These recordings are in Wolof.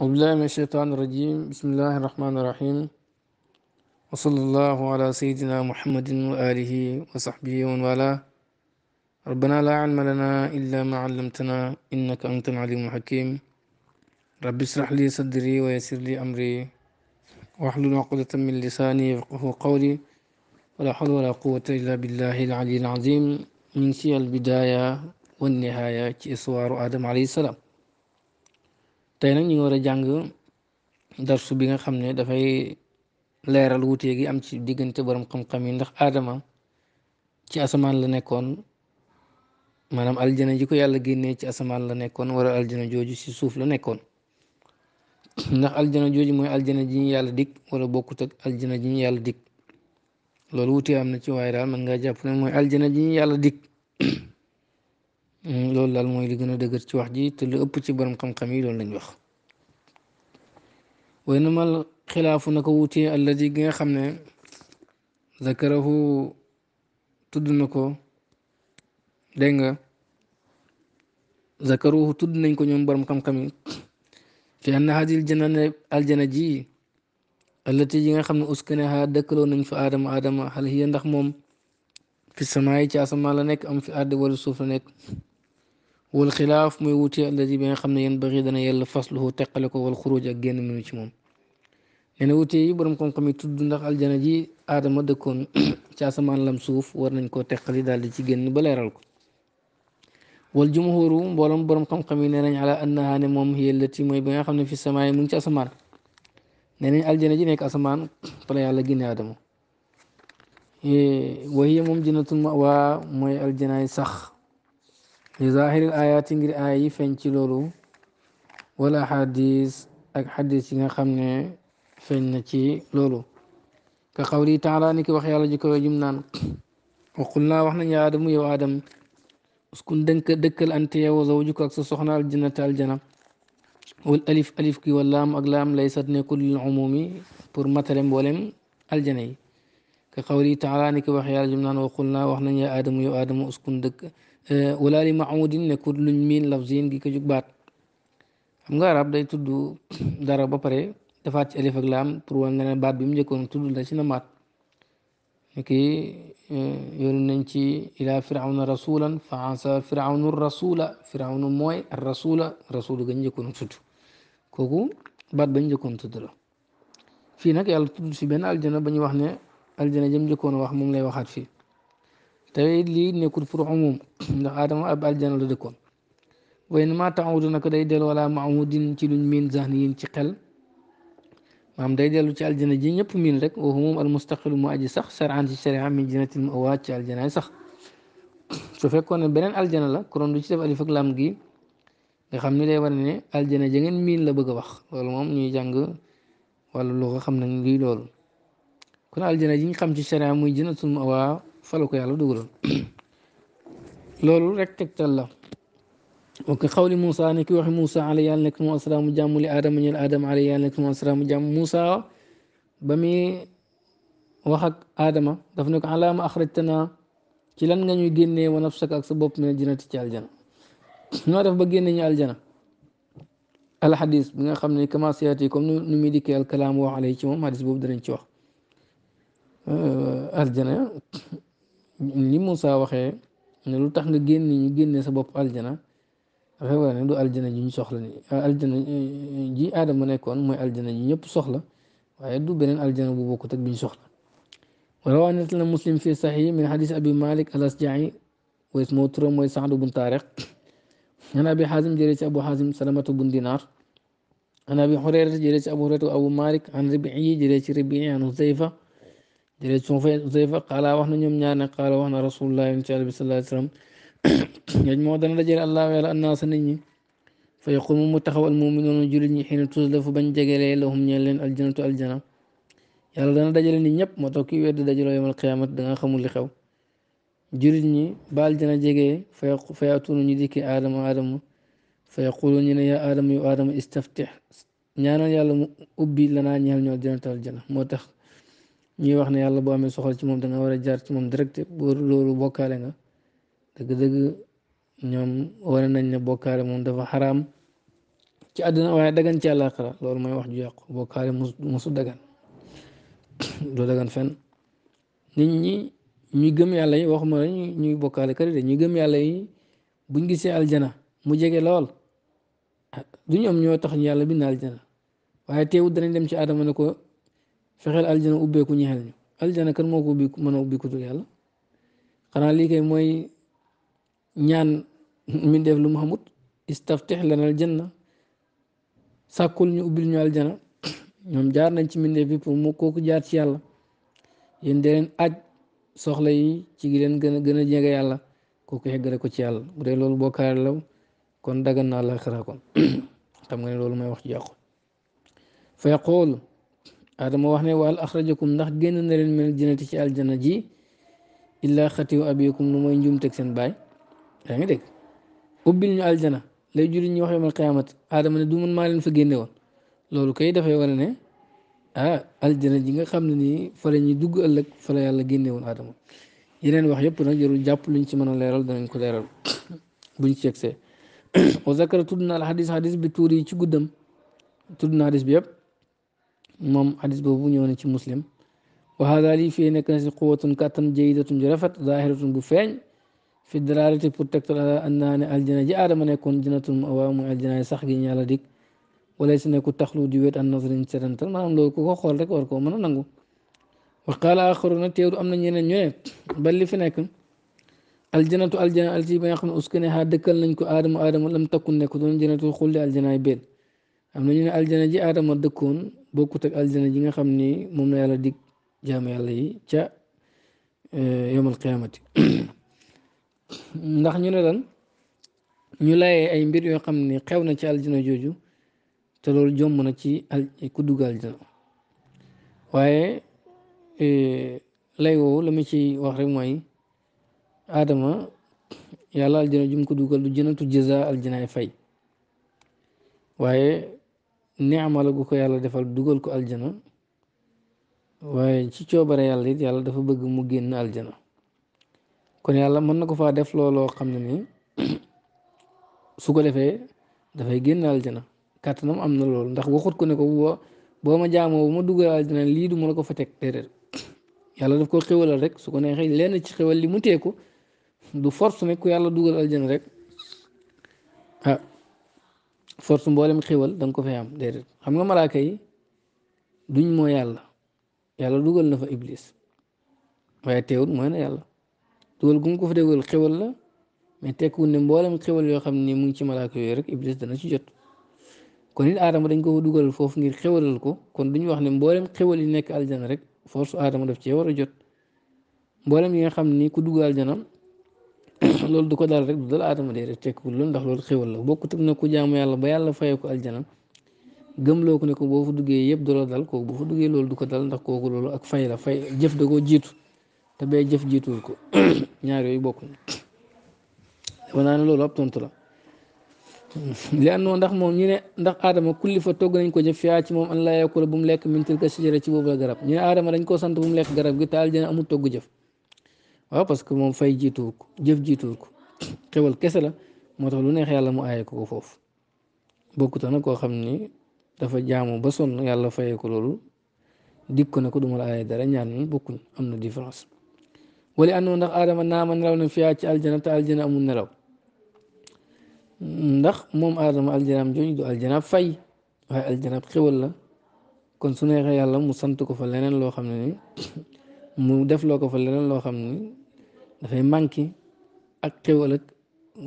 أعوذ بالله من الشيطان الرجيم بسم الله الرحمن الرحيم وصلى الله على سيدنا محمد وآله وصحبه ومن والاه ربنا لا علم لنا إلا ما علمتنا إنك أنت العليم الحكيم رب اشرح لي صدري ويسر لي أمري واحلل عقدة من لساني يفقه قولي ولا حول ولا قوة إلا بالله العلي العظيم من شيء البداية والنهاية إصوار آدم عليه السلام tey nag ñu ngi war a jàng darsu bi nga xam ne dafay leeral wuute gi am ci diggante borom xam-xam yi ndax aadama ci asamaan la nekkoon maanaam aljana ji ko yàlla génnee ci asamaan la nekkoon war wala aljana jooju ci suuf la nekkoon ndax aljana jooju mooy aljana ji yàlla dikk wala bokkut ak aljana ji yàlla dikk loolu wuute am na ci waaye daal mën jàpp ne mooy aljana ji yàlla dikk loolu daal mooy li gën a dëgër ci wax ji te lu ëpp ci borom xam-xam yi loolu lañ wax. وإنما الخلاف النكوتي الذي جاء خمنا ذكره تدنكو دينغا ذكروه تدنكو ينبر مكم كمي في أن هذه الجنة الجنجي التي جاء خمنا أسكنها دكرو ننف آدم آدم هل هي نخمم في السماء تي أسمى لنك أم في أرض ولا سوف لنك والخلاف مو الذي بين خمنا ينبغي دنا يلا فصل هو والخروج أجن من الشموم يعني وتي يبرمكم كم يتدون دخل الجنة جي هذا ما دكون جاس ما نلم سوف ورنا كو تقلي دال تيجن بلايرالك والجمهور بولم برمكم كم ينرن على أنها نموم هي التي مو بين خمنا في السماء من جاس يعني إيه، ما نرن الجنة جي نك أسمان بلا يلا جن هذا وهي مم المأوى مو الجنة صخ لظاهر الآيات غير آي فنشي لولو ولا حديث أك حديث غا خامن فنتي لولو كقوله تعالى نك وخي الله جكو جمنان وقلنا وحنا يا ادم يا ادم اسكن دنك دكل انت يا وزوجك اك سخنا الجنه الجنه والالف الف كي واللام اغلام ليست نكل العمومي بور مثلم ولم الجنه كقوله تعالى نك وخي الله جمنان وقلنا وحنا يا ادم يا ادم اسكن دك Eh, wala li maamudin nekkut luñ miin lafzin gi ko jug baat xam nga arab day tudd dara ba pare defaat ci alif ak laam pour wan baat bi mu njëkkoon tudd la ci na maat niki eh, yoonu nañ ci ila firawna rasulan fa ansa firawnu rasula firawnu mooy rasula rasulu gañ njëkkoon tudd kooku baat bañ njëkkoon tudd la fii nag yàlla tudd fi benn aljana ba ñuy wax ne aljana jëm njëkkoon wax moom lay waxaat fi te lii nekkul pour umum ndax aadama ab aljana la dëkkoon waaye ni ma taxawutu naka day dellu wala maamudin ci luñ miin zahni yin ci xel maam day dellu ci aljana ji ñëpp miin rek wa humum al mustaqil mu aji sax saraan ci sharia min jannatin mu awaat ci aljana sax su fekkoon ne beneen aljana la konoon du ci def alif ak lam gi nga xam ni day war ne aljana ja ngeen miin la bëgg a wax loolu moom ñuy jàng wàllu loo xam nañ lii loolu kon aljana ji ñu xam ci sharia muy jannatul mu awaat fala ko yàlla dugaloon loolu rek tegtal la ok xawli Moussa ne ki waxi Moussa ala yàlla nekk moo asalaamu jàmm li Adama ñeel Adama ala yàlla nekk mu asalaamu jàmm saa ba muy wax ak Adama daf ne ko alaama axrajtana ci lan nga ñuy génnee wa nafsaka ak sa bopp mi ne jinati ci aljana noo def ba génne ñu aljana alxadis bi nga xam ne kama siyaati comme nu muy dikkee alkalaam wax alay ci moom xadis boobu danañ ci wax aljana li Moussa waxee ne lu tax nga génn ñu génne sa bopp aljana dafay war ne du aljana ji ñu soxla ni aljana ji aadama nekkoon mooy aljana ji ñëpp soxla waaye du beneen aljana bu bokkut ak bi ñu soxla وروى نتلنا مسلم في صحيح من حديث أبي مالك الأسجعي واسمه ترى موي سعد بن طارق أنا أبي حازم جريت أبو حازم سلمة بن دينار أنا أبي هريرة جريت أبو هريرة أبو مالك عن ربيعي جريت ربيعي عن حذيفة جريت سوف يضيف قال آه، وحنا نيوم نيار قال آه، وحنا رسول الله صلى الله عليه وسلم يجمع يعني دنا رجال الله ويلا الناس نيني فيقوم متخو المؤمنون جريني حين تزلف بن جغل لهم نيلن الجنة الجنة يلا دنا رجال ني نيب مو توكي ويد دجال يوم القيامة دا خمو لي خاو جريني بال جنا جغي فياتون ني ديك ادم ادم فيقولون يا ادم يا ادم استفتح نيانا يالا اوبي لنا نيال نيو جنة الجنة مو ñuy wax ne yàlla boo amee soxla ci moom nga war a jaar ci moom direct bu loolu bokkaale nga dëgg-dëgg ñoom wane nañ ne bokkaale moom dafa xaraam ci àddina waaye dagan ci àllaaxira loolu mooy wax ju yàqu bokkaale musu musu dagan doo dagan fenn nit ñi ñu gëm yàlla yi waxuma la ñuy bokkaale kër de ñu gëm yàlla yi buñ gisee aljana mu jege lool ah, du ñoom ñoo tax ñu yàlla bind aljana waaye teewul danañ dem ci aadama ne ko fexeel aljana ubbeeku ñexel ñu aljana kan moo ko ubbi mën a ubbi ku yàlla xanaa lii kay mooy ñaan mi lu mu xamut istaftix lana aljanna sàkkul ñu ubbil ñu aljana ñoom jaar nañ ci mbindeef bi pour mu kooku jaar ci yàlla yéen di aj soxla yi ci gi leen gën a gën a jege yàlla ko yeggale ko ci yàlla bu dee loolu bokkaale la kon dagan naa la xaraa kon xam nga ne loolu may wax ci yàqu fa yaqool adama wax ne wal axrajakum ndax génn na leen mel jënati ci aljana ji illaa xatiyu abikum lu mooy njumteg seen baay yaa ngi dégg ubbil ñu aljana lay julli ñu wax yomal qiyaamat adama ne du man maa leen fa génnewoon woon loolu kay dafay war a ne ah aljana ji nga xam ne nii fa la dugg ëllëg fa yàlla génne woon adama yeneen wax yëpp nag jarul jàpp luñ ci mën a leeral danañ ko leeral buñ ci yegsee wa zakara tudd na al xadis xadis bi tuur yi ci guddam tudd na xadis yëpp مم حديث بابو نيوني تي مسلم وهذا لي في انك قوة كاتم جيدة جرفت ظاهرة بفين في الدلالة بروتكتور على ان الجنة جاء ادم يكون جنة اوام الجنة سخجي نيالا ديك وليس انك تخلو ديوات النظر انترنت ما نعم لو كوكو خولك وركو من نانغو وقال اخرون تيرو امنا نينا نيوت بل لي فينك الجنة الجنة التي بين اسكنها دكل نكو ادم ادم لم تكن نكو دون الخلد الجنة am na ñu ne aljana ji aadama dëkkoon bokkut ak aljana ji nga xam ni moom la yàlla dig jaam yàlla yi ca eh, yawmal qiyaamati ndax ñu ne lan ñu layee ay mbir yoo xam ni xew na ci aljana jooju te loolu jomm na ci al ku dugg aljana waaye eh, lay woowu la ci wax rek mooy aadama yàlla aljana jum ko dugal du jënatu jëza aljana ay fay waaye neexma la gu ko yàlla defal dugal ko aljana waaye ci coobare yàlla it yàlla dafa bëgg mu génn aljana kon yàlla mën na ko faa def looloo xam ne ni su ko defee dafay génn aljana kàttanam am na loolu ndax waxut ko ne ko boo ma jaamoo ma dugal aljana lii du ma la ko fa teg déedéet yàlla daf ko xéwalal rek su ko neexee lenn ci xéwal li mu teeku du force ne ku yàlla dugal aljana rek ah force mbolem xewal dang ko fi am déedéet xam nga malaaka yi duñ mo yàlla yàlla dugal na fa iblis waye teewul mo na yàlla dugal gum ko fa dégal xewal la mais tekkiwul ne mbolem xewal yo xam ne mu ngi ci malaaka yo rek iblis dana ci jot kon nit adam dañ ko fa fofu ngir xewalal ko kon duñ wax ne mbolem xewal yi nek aljana rek force adam daf ci wara jot mbolem yi nga xam ni ku dugg janam loolu du ko dal rek du dal aadama dee rek tekkul loolu ndax loolu xéwal la bokkut na ku jaamu yàlla ba yàlla fayee ko aljana loo ko ne ko boo fa duggee yëpp du la dal duggee loolu du ko dal ndax kooku loolu ak fay la fay jëf da koo jiitu te bee jëf jiituwul ko ñaar yooyu bokk na dafa naa loolu ab tontu la li àndoon ndax moom ñu ne ndax aadama kulli fa togg nañ ko jëf fiyaa ci moom an laa yakula bu mu lekk min tilka shajara ci boobu la garab ñu ne dañ koo sant bu mu lekk garab gi te aljana amul togg jëf waaw parce que moom fay jiituwu ko jëf jiituwu ko xewal kese la moo tax lu neex yàlla mu aaye ko ko foofu bokkut na koo xam ni dafa jaamu ba sonn yàlla fayee ko loolu dikk ko ne ko duma la dara ñaan ñun bokkuñ am na différence wala àndoon ndax aadama naama nelaw na fiyaa ci aljana te aljana amul nelaw moom aadama aljanaam jooju du aljanaab fay waaye aljanaab xewal la kon su neexee yàlla mu sant ko fa leneen loo xam ne mu def loo ko fa leneen loo xam ne dafay manqué ak xéwal ak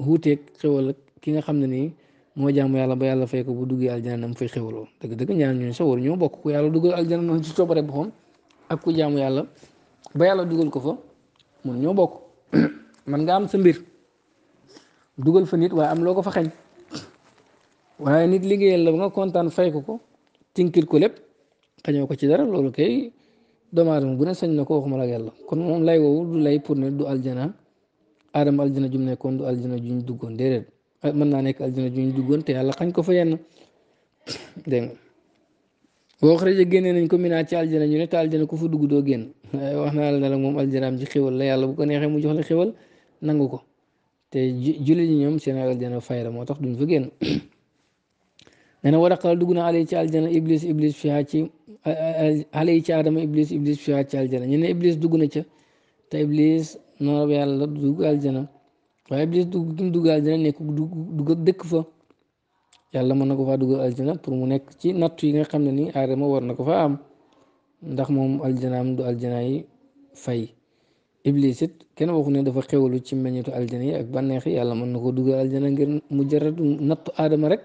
wuuteeg xéwal ak ki nga xam ne nii moo jaamu yàlla ba yàlla fay ko bu duggee aljana na mu fay xéwaloo dëgg-dëgg ñaar ñooñu sax war ñoo bokk ku yàlla dugal aljana noonu ci coobare boppam ak ku jaamu yàlla ba yàlla dugal ko fa mun ñoo bokk man nga am sa mbir dugal fa nit waaye am loo ko fa xañ waaye nit liggéeyal la ba nga kontaan fay ko ko tinkil ko lépp xañoo ko ci dara loolu kay doomu aadama bu ne sañ na ko waxuma la yàlla kon moom lay woowu du lay pour ne du aljana aadama aljana jum nekkoon du aljana juñ duggoon déedéet ah, mën naa nekk aljana juñ duggoon te yàlla xañ ko fa yenn dégg nga boo xaree nañ ko minaat ci aljana ñu ne te aljana ku fa dugg doo génn wax na la ne moom aljanaam am xéwal la yàlla bu ko neexee mu jox la xéwal nangu ko te jullit ñi ñoom seen aljana fay la moo tax duñ fa génn nee na dugg na ale aljana iblis iblis fiha xale yi ci aadama iblis iblis fi wàcc aljana ñu ne iblis dugg na ca te iblis noorab yàlla la dugg aljana waaye iblis dugg gi mu dugg aljana nekk dugg dëkk fa yàlla mën na ko faa dugg aljana pour mu nekk ci nattu yi nga xam ne nii aadama war na ko faa am ndax moom aljanaam du aljana yi fay iblis it kenn waxu ne dafa xewalu ci meññetu aljana yi ak banneex yi yàlla mën na ko dugg aljana ngir mu jarat nattu aadama rek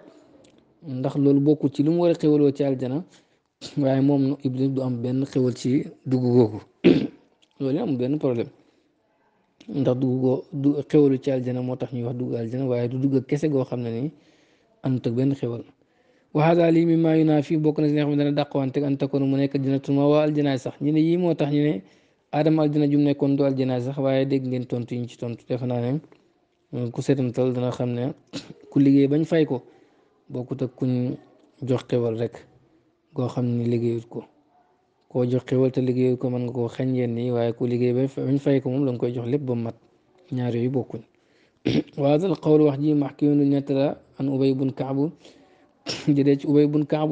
ndax loolu bokkul ci lu mu war a xewaloo ci aljana waaye moom iblis du am benn xewal ci dugg googu loolu amul benn problème ndax dugg goo du xewalu ci aljana moo tax ñuy wax dugg aljana waaye du dugg kese goo ne ni amut ak xewal waxaadaal yi mi maa yu naa fii bokk na si nga xam ne dana dàqwante an mu nekk aljana tuma waa aljanaay sax ñu ne yii moo tax ñu ne aadama aljana jum nekkoon du aljanaay sax waaye dégg ngeen tontu yi ñu ci tontu defe naa ne ku seetantal dana xam ne ku liggéey bañ fay ko bokkut ak kuñ jox xewal rek go xamni ne ko ko jox xéwal ta liggéeyut ko man nga koo xañ yenn yi waaye ku liggéey bañ fay ko mom la nga koy jox lépp ba mat ñaar yooyu bokkuñ wa dal qawl wax mahkiyun maxkiyun an ubay ibn ka'b jëlee ci ubay ibn ka'b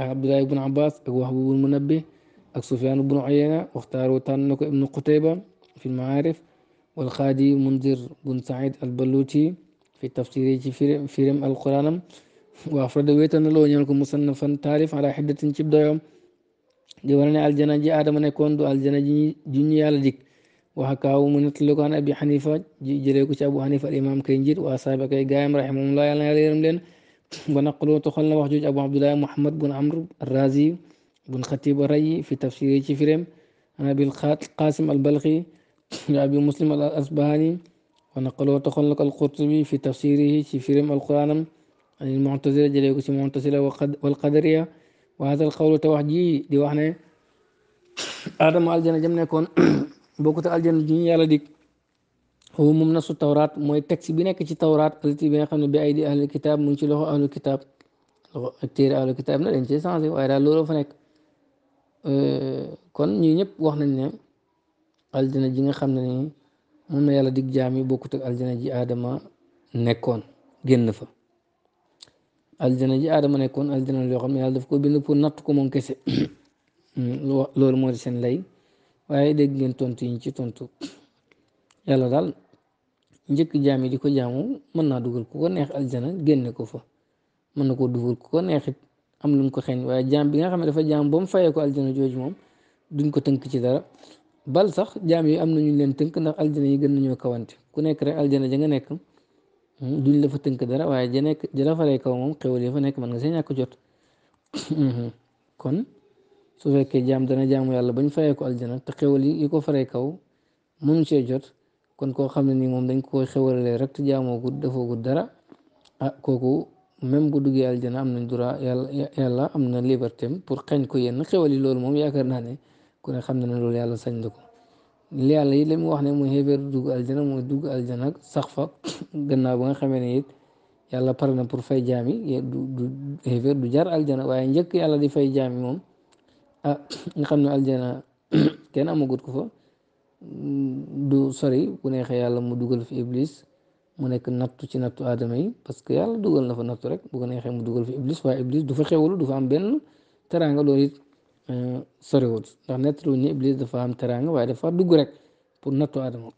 ak abdullah ibn abbas ak wahb ibn munabbi ak sufyan ibn uyayna waxtaru tan ko ibn qutayba fi ma'arif wal khadi munzir ibn said al albaluuti fi tafsiri ci firim alquranam وافرد ويتنا لو نيالك مصنفا تعرف على حدة تبدا يوم دي ورني الجنة جي آدم نكون دو الجنة جي ديك وهكاو من تلقى أبي حنيفة جي جريك أبو حنيفة الإمام كينجير وأصابك أي قائم رحمه الله يعني هذا يرم لين ونقلو تخلنا وحجوج أبو عبد الله محمد بن عمرو الرازي بن خطيب الرأي في تفسيره كفرهم أنا أبي القاسم البلخي أبي مسلم الأسباني ونقلو تخلق القرطبي في تفسيره كفرهم القرآن an il mu'tazila jëlee ko ci mu'tazila wal qadariya wa hada al qawlu te wax di wax ne adama aljana jam nekkoon bokkut aljana ji ñu yàlla dig xu moom tawraat mooy texte bi nekk ci tawraat alati bi nga xam ne bi ay di ahlul kitaab mu ci loxo ahlul kitaab loxo na dañ cee changé waaye daal loolu fa nekk kon ñu ñëpp wax nañ ne aljana ji nga xam ne ni moom na yàlla dig jaam yi bokkut ak aljana ji adama nekkoon génn fa aljana ji aadama nekkoon aljana yoo xam ne yàlla daf ko bind pour natt ko moom kese loolu mooy di seen lay waaye dégg ngeen tontu yi ñu ci tontu yàlla daal njëkk jaam yi di ko jaamu mën naa dugal ku ko neex aljana génne ko fa mën na koo dugal ku ko neexit am lu mu ko xeeñ waaye jaam bi nga xam ne dafa jaam ba mu fayee ko aljana jooju moom duñ ko tënk ci dara bal sax jaam yi am na nañu leen tënk ndax aljana yi gën nañoo kawante ku nekk rek aljana ja nga nekk duñ la fa tënk dara waaye ja nekk ja la faree kaw moom xéwal fa nekk mën nga see ñàkk jot mhm. kon su fekkee jaam dana jaamu yàlla bañ faree ko aljana te xéwal yi ko faree kaw mënu see jot kon koo xam ne nii moom dañ ko xéwalee rek te jaamoo dara ah kooku même bu duggee aljana am nañ droit yàlla yàlla am na liberté pour xañ ko yenn xéwal yi loolu moom yaakaar naa ne ku ne xam na ne loolu yàlla sañ na ko. li yàlla yi la mu wax ne mooy xéeféer dugg aljana mooy dugg aljana sax fa gannaaw ba nga xamee ne it yàlla pare na pour fay jaami du du xéeféer du jar aljana waaye njëkk yàlla di fay jaami moom ah nga xam ne aljana kenn amagut ko fa mm, du sori bu neexee yàlla mu dugal fi iblis mu nekk nattu ci nattu aadama yi parce que yàlla dugal na fa nattu rek bu ko neexee mu dugal fi iblis waaye iblis du fa xewlu du fa am benn teraanga loolu sorewul ndax nettalu ni iblis dafa am teraanga waaye dafa dugg rek pour nattu Adama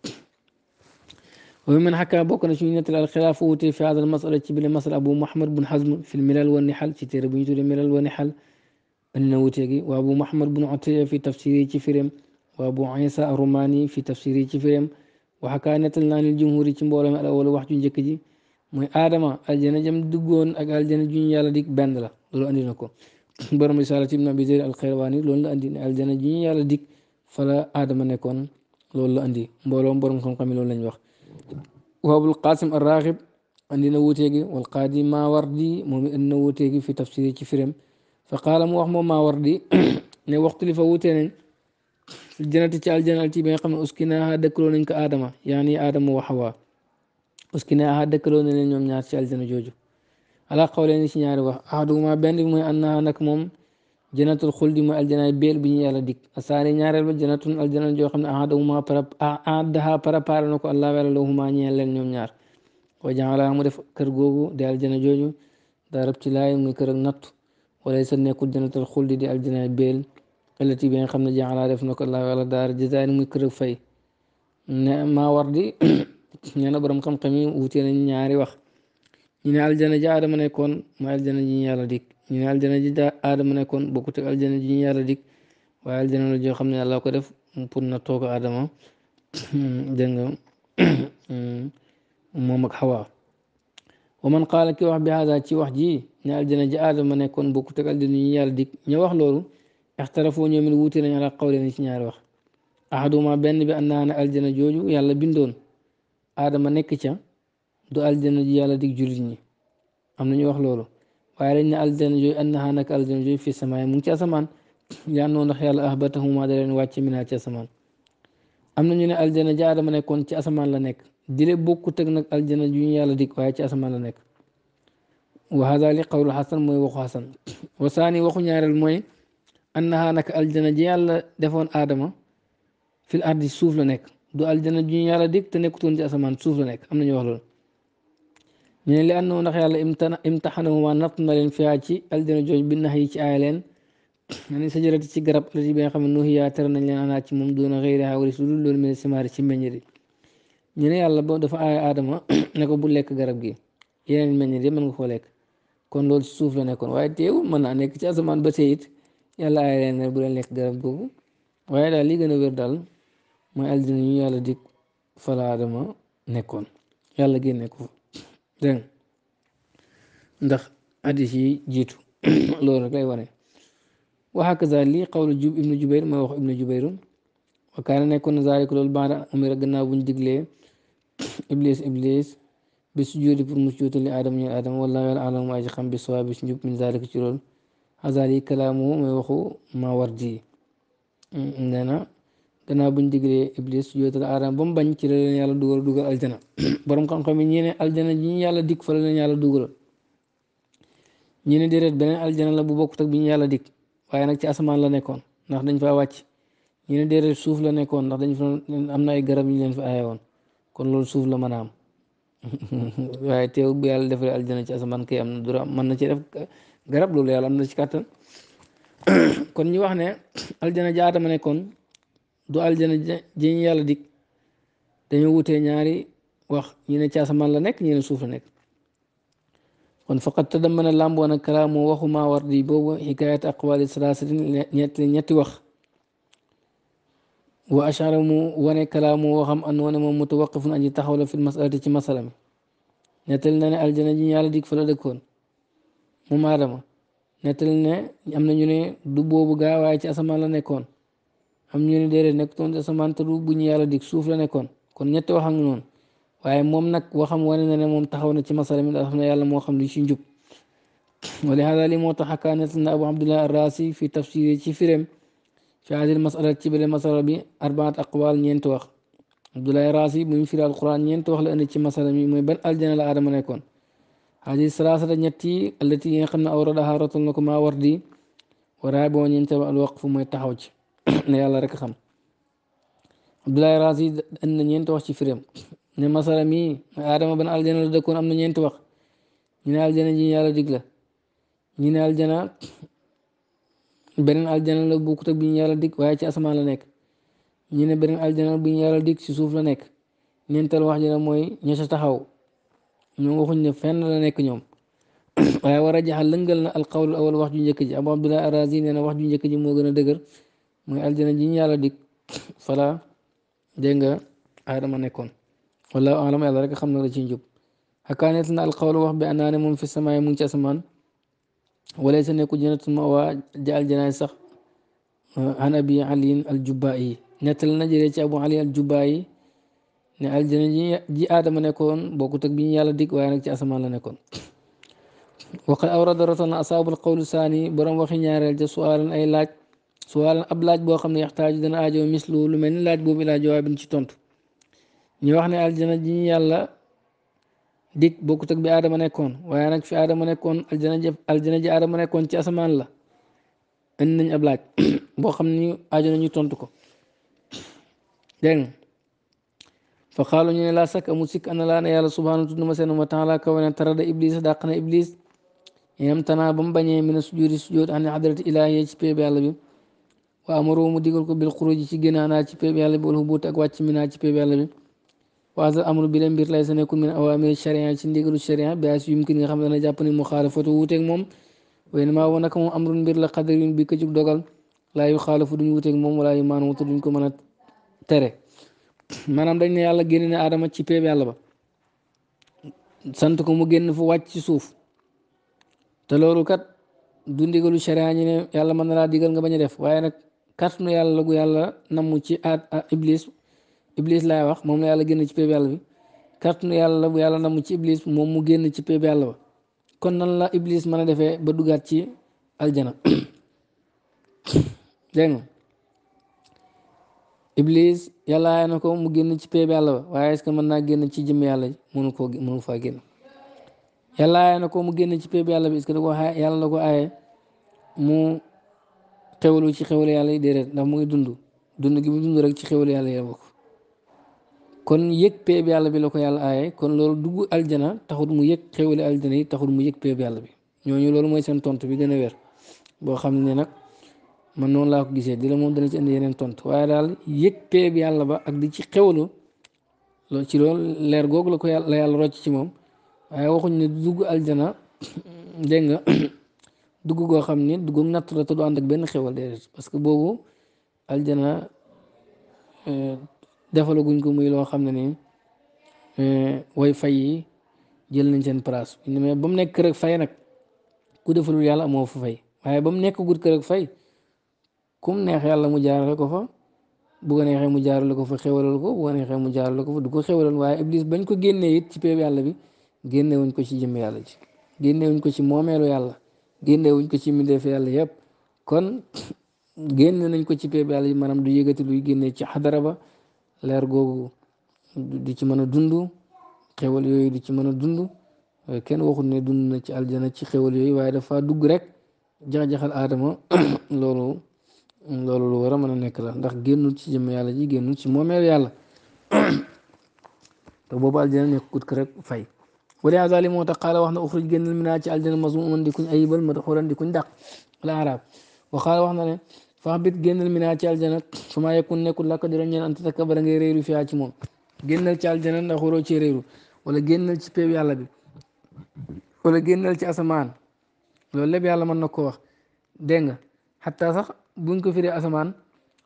wa min hakka bokk na ci ñu nettal alxilaaf wuute fi hada mas'ala ci bil masala abu muhammad bin hazm fi al milal wa nihal ci téere bu ñu tudde milal wa nihal indi na wuute gi wa abu muhammad bin utay fi tafsiri ci firim wa abu isa arumani fi tafsiri ci firim wa xakka nettal naa al jumhur ci mbolam ala wala wax ju njëkk ji mooy Adama aljana jam duggoon ak aljana juñ yàlla dik benn la lolu andi na borom risaala ci ibn abi zayd al xayrawaani loolu la andi aljana ji ñu yàlla dig fa la aadama nekkoon loolu la andi mbooloom borom xam-xam yi loolu lañ wax wa abul qasim ar raghib andi na wuuteegi wal qaadi maawardi moom it andi na wuuteegi fi tafsiri ci firam fa qaala mu wax moom maawardi ne waxtu li fa wuutee nañ fi janati ci aljana ci bi nga xam ne uskinaaha dëkkaloo nañ ko aadama yaani aadama wa xawaa uskinaaha dëkkaloo nañ ñoom ñaar ci aljana jooju ala qawlayni ci ñaari wax ahaduhuma benn bi mooy annaha nag moom jannatul xuldi mooy aljanaay beel bi ñu yàlla dig asaari ñaareel ba jannatun aljana joo xam ne ahadahuma para ahadaha préparé na ko allah leen ñoom ñaar wa jaala def kër googu di aljana jooju daa rab ci muy kër natt wala sa nekkul jannatul xuldi di aljanaay beel ëllëti bi nga xam ne jaala def na ko allah kër ak maa war di ñeena borom yi wutee nañ ñaari wax ñu ne aljana ji aadama nekkoon mooy aljana ji ñu yàlla dik ñu ne aljana ji aadama nekkoon bokkut ak aljana ji ñu yàlla dik waaye aljana la joo xam ne yàlla ko def pour na toog aadama dégg nga moom ak xawa wa man qaala ki wax bi haada ci wax ji ne aljana ji aadama nekkoon bokkut ak aljana ji ñu yàlla dik ñu wax loolu ixtarafoo ñoom it wuute nañ ala qawle ci ñaari wax ahaduma benn bi annaa ne aljana jooju yàlla bindoon aadama nekk ca du aljana ji yàlla dig jullit ñi am nañu wax loolu waaye dañ ne aljana jooyu annaha nak aljana jooyu fi samaay mu ngi ci asamaan yaa noo ndax yàlla ahbatahuma da leen wàcce minaa ci asamaan am nañu ne aljana ja adama nekkoon ci asamaan la nekk dile bokku ak nag aljana ju yàlla dig waaye ci asamaan la nekk wa hada li qawlu hasan mooy waxu hasan wa saani waxu ñaareel mooy annaha nak aljana ji yàlla defoon aadama fil ardi suuf la nekk du aljana ju yàlla dig te nekkutoon ci asamaan suuf la nekk am nañu wax loolu ñu ne li ànd ndax yàlla imtana imtaxanahu waa natt na leen fiyaa ci aljana jooj bi nax yi ci aaya leen ani sajarati ci garab alati bi nga xam ne nuhiya tere nañ leen anaat ci moom doona xëyriha wari su ci meññiri ñu ne yàlla boobu dafa aadama ne ko bu lekk garab gi yeneen meññiri mën nga koo lekk kon loolu suuf la nekkoon waaye teewul mën naa nekk ci asamaan ba tey yàlla aaya bu leen lekk garab googu waaye daal lii gën a wér daal mooy aljana ñu yàlla dik fala aadama nekkoon yàlla génne ko dégg ndax hadis jiitu loolu rek lay wane wa hakaza lii qawlu jub ibnu jubayr ma wax ibnu jubayr wa kaana nekkoon na zaalik loolu baada umira gannaaw bu iblis iblis bi sujjóoti pour mu sujjóotal li aadama ñu aadama wallaahu yàlla alamu aji xam bi sawaab bi si njub min zaalik ci loolu hazaali kalaamu mooy waxu Maawardi mm, nee na gannaaw buñ digalee iblis yootal aadama ba mu bañ ci la leen yàlla dugal dugal aljana borom xam-xam yi aljana ji ñu dikk fa la leen yàlla dugal ñi ne déedéet beneen aljana la bu bokkut ak bi ñu yàlla dikk waaye nag ci asamaan la nekkoon ndax dañ fa wàcc ñu ne déedéet suuf la nekkoon ndax dañ fa am na ay garab yu ñu fa aaye woon kon loolu suuf la mën am waaye teew bu yàlla defalee aljana ci asamaan kay am na dura mën na ci def garab loolu yàlla am na ci kàttan kon ñu wax ne aljana ja Aadama nekkoon du aljana jiñ yàlla dik dañu wuté ñaari wax ñu ne ci asamaan la nek ñi ne suuf la nek kon faqat tadammana lamb na kalaamu wa huma wardi di boobu xikaayat aqwaali salaasatin ñet ñetti wax wa asharamu mu wane wa waxam an wane moom mutawaqifun aji fi masalati ci masalam netel na ne aljana jiñ yàlla dik fa la dëkkoon mu aadama netel ne amna ñu ne du bobu gaa ci asamaan la nekkon am ñu ne déedéet nekk toon asamaan te du bu ñu yàlla dig suuf la nekkoon kon ñetti wax ak noonu waaye moom nag waxam wane na ne moom taxaw na ci masala mi daal xam yàlla moo xam li ci njub wali hada li moo tax xakkaa net na abu abdullah arrasi fi tafsiri ci firem fi hadil masala ci bale masala bi arbaat aqwal ñeenti wax abdullah arrasi bu ñu firi quran ñeenti wax la indi ci masala mi mooy ban aljana la aadama nekkoon hadis salaasata ñetti allati yi nga xam ne awradaha ratul na ko maa war di waraa boo ñeente alwaqfu mooy taxaw ci ne yàlla rek xam Abdoulaye Razi indi na ñeenti wax ci firam ne masala mii Adama ban aljana la dëkkoon am na ñeenti wax ñu ne aljana ji yàlla dig la ñu ne aljana beneen aljana la bokkut ak bi ñu yàlla dig waaye ci asamaan la nekk ñu ne beneen aljana bi ñu yàlla dig ci suuf la nekk ñeenteel wax ji la mooy ña ca taxaw ñoom waxuñ ne fenn la nekk ñoom waaye war a jaxal lëngal na alqawlu awal wax ju njëkk ji Abu Abdullah Arazi nee na wax ju njëkk ji moo gën a dëgër. mooy aljana ji ñu yàlla dig fala dégg nga aadama nekkoon wallahu alam yàlla rek xam na la ci njub xakaanet na alqawlu wax bi annaane moom fi samaay mu ngi ci asamaan wala sa nekku jannatu ma waa ja aljanaay sax ah, an abi aliin aljubbaay nettal na jëlee ci abu ali aljubbaay ne aljana ji ji aadama nekkoon bokkut bi ñu yàlla dig waaye nag ci asamaan la nekkoon waqad awrada rotal na asaabul qawlu saani borom waxi ñaareel ja suaalan ay laaj suwaal ab laaj boo xam ne yaxtaaju dana aajo mislu lu mel ni laaj boobu ilaa jawaabin ci tontu ñu wax ne aljana ji ñu yàlla dig bokkut ak bi aadama nekkoon waaye nag fi aadama nekkoon aljana ji aljana ji aadama nekkoon ci asamaan la indi nañ ab laaj boo xam ne aajo nañu tontu ko dégg nga fa xaalu ñu ne laa sakk amul sikk ana laa ne yàlla subhaanahu tudd ma seen wa taala kawe na tara da iblis dàq na iblis yam tanaa ba mu bañee mina sujuudi sujuud an xadrati ilaahi ci péeb yàlla bi wa amaroo mu digal ko bil xuruji ci génnaanaa ci péeb yàlla bi wala hubuut ci péeb yàlla bi waasa amru bi la mbir lay sa nekku min awaamir charia ci ndigalu charia bi as yumkin nga xam ne dana jàpp ni muxaalafatu wuuteeg moom waaye maa woon naka moom amrun mbir la bi ko jug dogal laa yu xaalafu duñ wuuteeg moom wala yu duñ ko mën a tere maanaam dañ ne yàlla génne na Adama ci péeb yàlla ba sant ko mu génn fu wàcc ci suuf te loolu kat du ndigalu charia ñu ne yàlla man na laa digal nga bañ def waaye nag kàttanu yàlla la yàlla na mu ci aat iblis iblis lay wax moom la yàlla génn ci péeb yàlla bi kàttanu yàlla la gu yàlla namu ci iblis moom mu génn ci péeb yàlla kon nan la iblis mën defee ba dugaat ci aljana dégg yàlla na ko mu génn ci péeb yàlla ba waaye est-ce mën naa génn ci jëmm yàlla mënu koo mënu faa génn yàlla aay na ko mu génn ci péeb yàlla bi est-ce que da yàlla la aaye mu xewalu ci xewalu yàlla yi déedéet ndax mu ngi dund dund gi mu dund rek ci xewalu yàlla yi la bokk kon yëg peeb yàlla bi la ko yàlla aaye kon loolu dugg aljana taxut mu yëg xewalu aljana yi taxut mu yëg yàlla bi ñooñu loolu mooy seen tontu bi gën a wér boo xam ne nag man noonu laa ko gisee di la moom dana indi yeneen tontu waaye daal yëg yàlla ba ak di ci xewalu ci loolu leer la ko yàlla yàlla rocc ci moom waaye dugg aljana dégg dugg goo xam ni duggum natt la te du ànd ak benn xéwal déedéet parce que boobu aljana euh, defalaguñ ko muy loo xam ne ni euh, way fay yi jël nañ seen place mais ba mu nekk kër ak fay nag ku defalul yàlla amoo fa fay waaye ba mu nekk gut fay kum neex yàlla mu jaarale ko fa bu ko neexee mu jaarale ko fa xéwalal ko bu ko neexee mu jaarale ko fa du ko xéwalal waaye iblis bañ ko génnee it ci péeb yàlla bi génnewuñ ko ci jëm yàlla ji génnewuñ ko ci moomeelu yàlla. génne wuñ ko ci fi yàlla yëpp kon génne nañ ko ci péeb yàlla yi maanaam du yëgati luy génne ci xadara ba leer googu du ci mën a dund xewal yooyu du ci mën a dund kenn waxut ne dund na ci aljana ci xewal yooyu waaye dafa dugg rek jax-jaxal aadama loolu loolu lu war a mën a nekk la ndax génnul ci jëmm yàlla ji génnul ci moomeel yàlla te boobu aljana nekkut ko rek fay wala azali moo tax xaala wax na uxruj génnal minaa ci aljana mazmuman di kuñ ayibal madxuuran di kuñ dàq al wa xaala wax na ne faxbit génnal minaa ci aljana su ma yekkun nekkul lakk di ñeen anta takkabara ngay réeru fiyaa ci moom génnal ci aljana ndax waroo ci réeru wala génnal ci péew yàlla bi wala génnal ci asamaan loolu lépp yàlla mën na ko wax dégg nga xataa sax buñ ko firee asamaan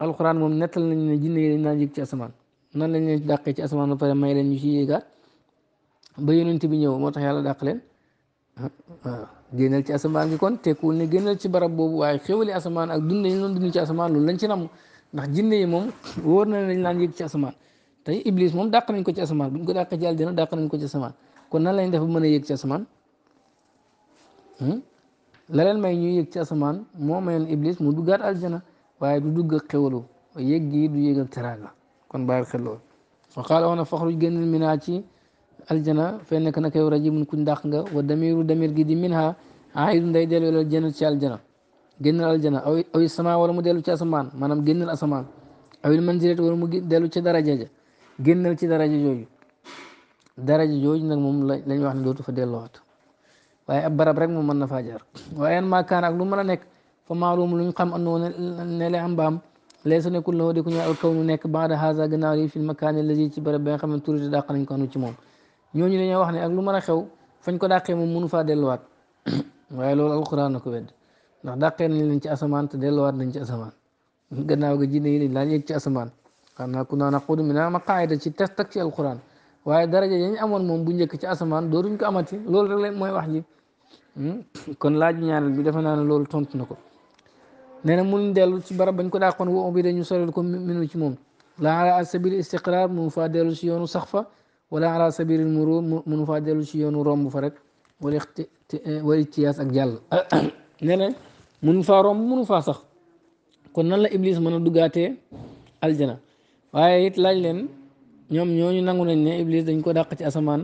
alxuraan moom nettal nañu ne jinne yi dañ naan yëg ci asamaan nan ci asamaan ba pare may leen ñu ci ba yonent bi ñëw moo tax yàlla dàq leen waaw génnal ci asamaan gi kon tekkuwul ne génnal ci barab boobu waaye xéwali asamaan ak dund yi doon dund ci asamaan loolu lañ ci nam moom wóor na lañ laan yëg ci asamaan tey iblis moom dàq nañ ko ci asamaan buñ ko dàqee ci àljana dàq nañ ko ci asamaan kon nan lañ def mën a yëg ci asamaan hmm? la leen may ñuy yëg ci asamaan moo mayoon iblis mu duggaat aljana waaye du dugg ak xéwalu yëg gi du yëg ak kon bàyyi xel wa qaala wax na faxruj génnal aljana fay nekk naka yow rajim kuñ dàq nga wa damiru damir gi di min ha aidun day dellu lal jannat ci aljana génnal aljana aw aw sama wala mu dellu ci asamaan maanaam génnal asamaan awil manzilat wala mu dellu ci daraja ja génnal ci daraja jooju daraja jooju nag moom lañu wax ne dootu fa delluwaat waaye ab barab rek moom mën na faa jaar waaye yan maakaan ak lu mën nekk fa maalum luñ xam andoon ne le am baam leesa nekkul la woo di ku ñëw al nekk baada haza gannaaw xam ne turité dàq nañ ci moom ñooñu dañoo wax ne ak lu mën a xew fañ ko dàqee moom mënu faa delluwaat waaye loolu alquran na ko wedd ndax dàqee nañ leen ci asamaan te delluwaat nañ ci asamaan gannaaw ga jinne yi dañ daan yëg ci asamaan xam naa naqudu naan aqudu mina maqaayida ci test ak ci alquran waaye daraja yañ amoon moom bu njëkk ci asamaan dootuñ ko amati loolu rek mooy wax ji kon laaj ñaanal bi dafa naa ne loolu tontu na ko nee na mun dellu ci barab bañ ko dàqoon woo bi dañu sorel ko minu ci moom la ala sabil istiqrar mu faa dellu si yoonu sax fa wala ala sabiril murur munu faa dellu ci yoonu romb fa rek wala eh, wala ak jàll ne ne munu faa romb munu faa sax kon nan la iblis mën a duggaate aljana waaye it laaj leen ñoom ñooñu nangu nañ ne iblis dañ ko dàq ci asamaan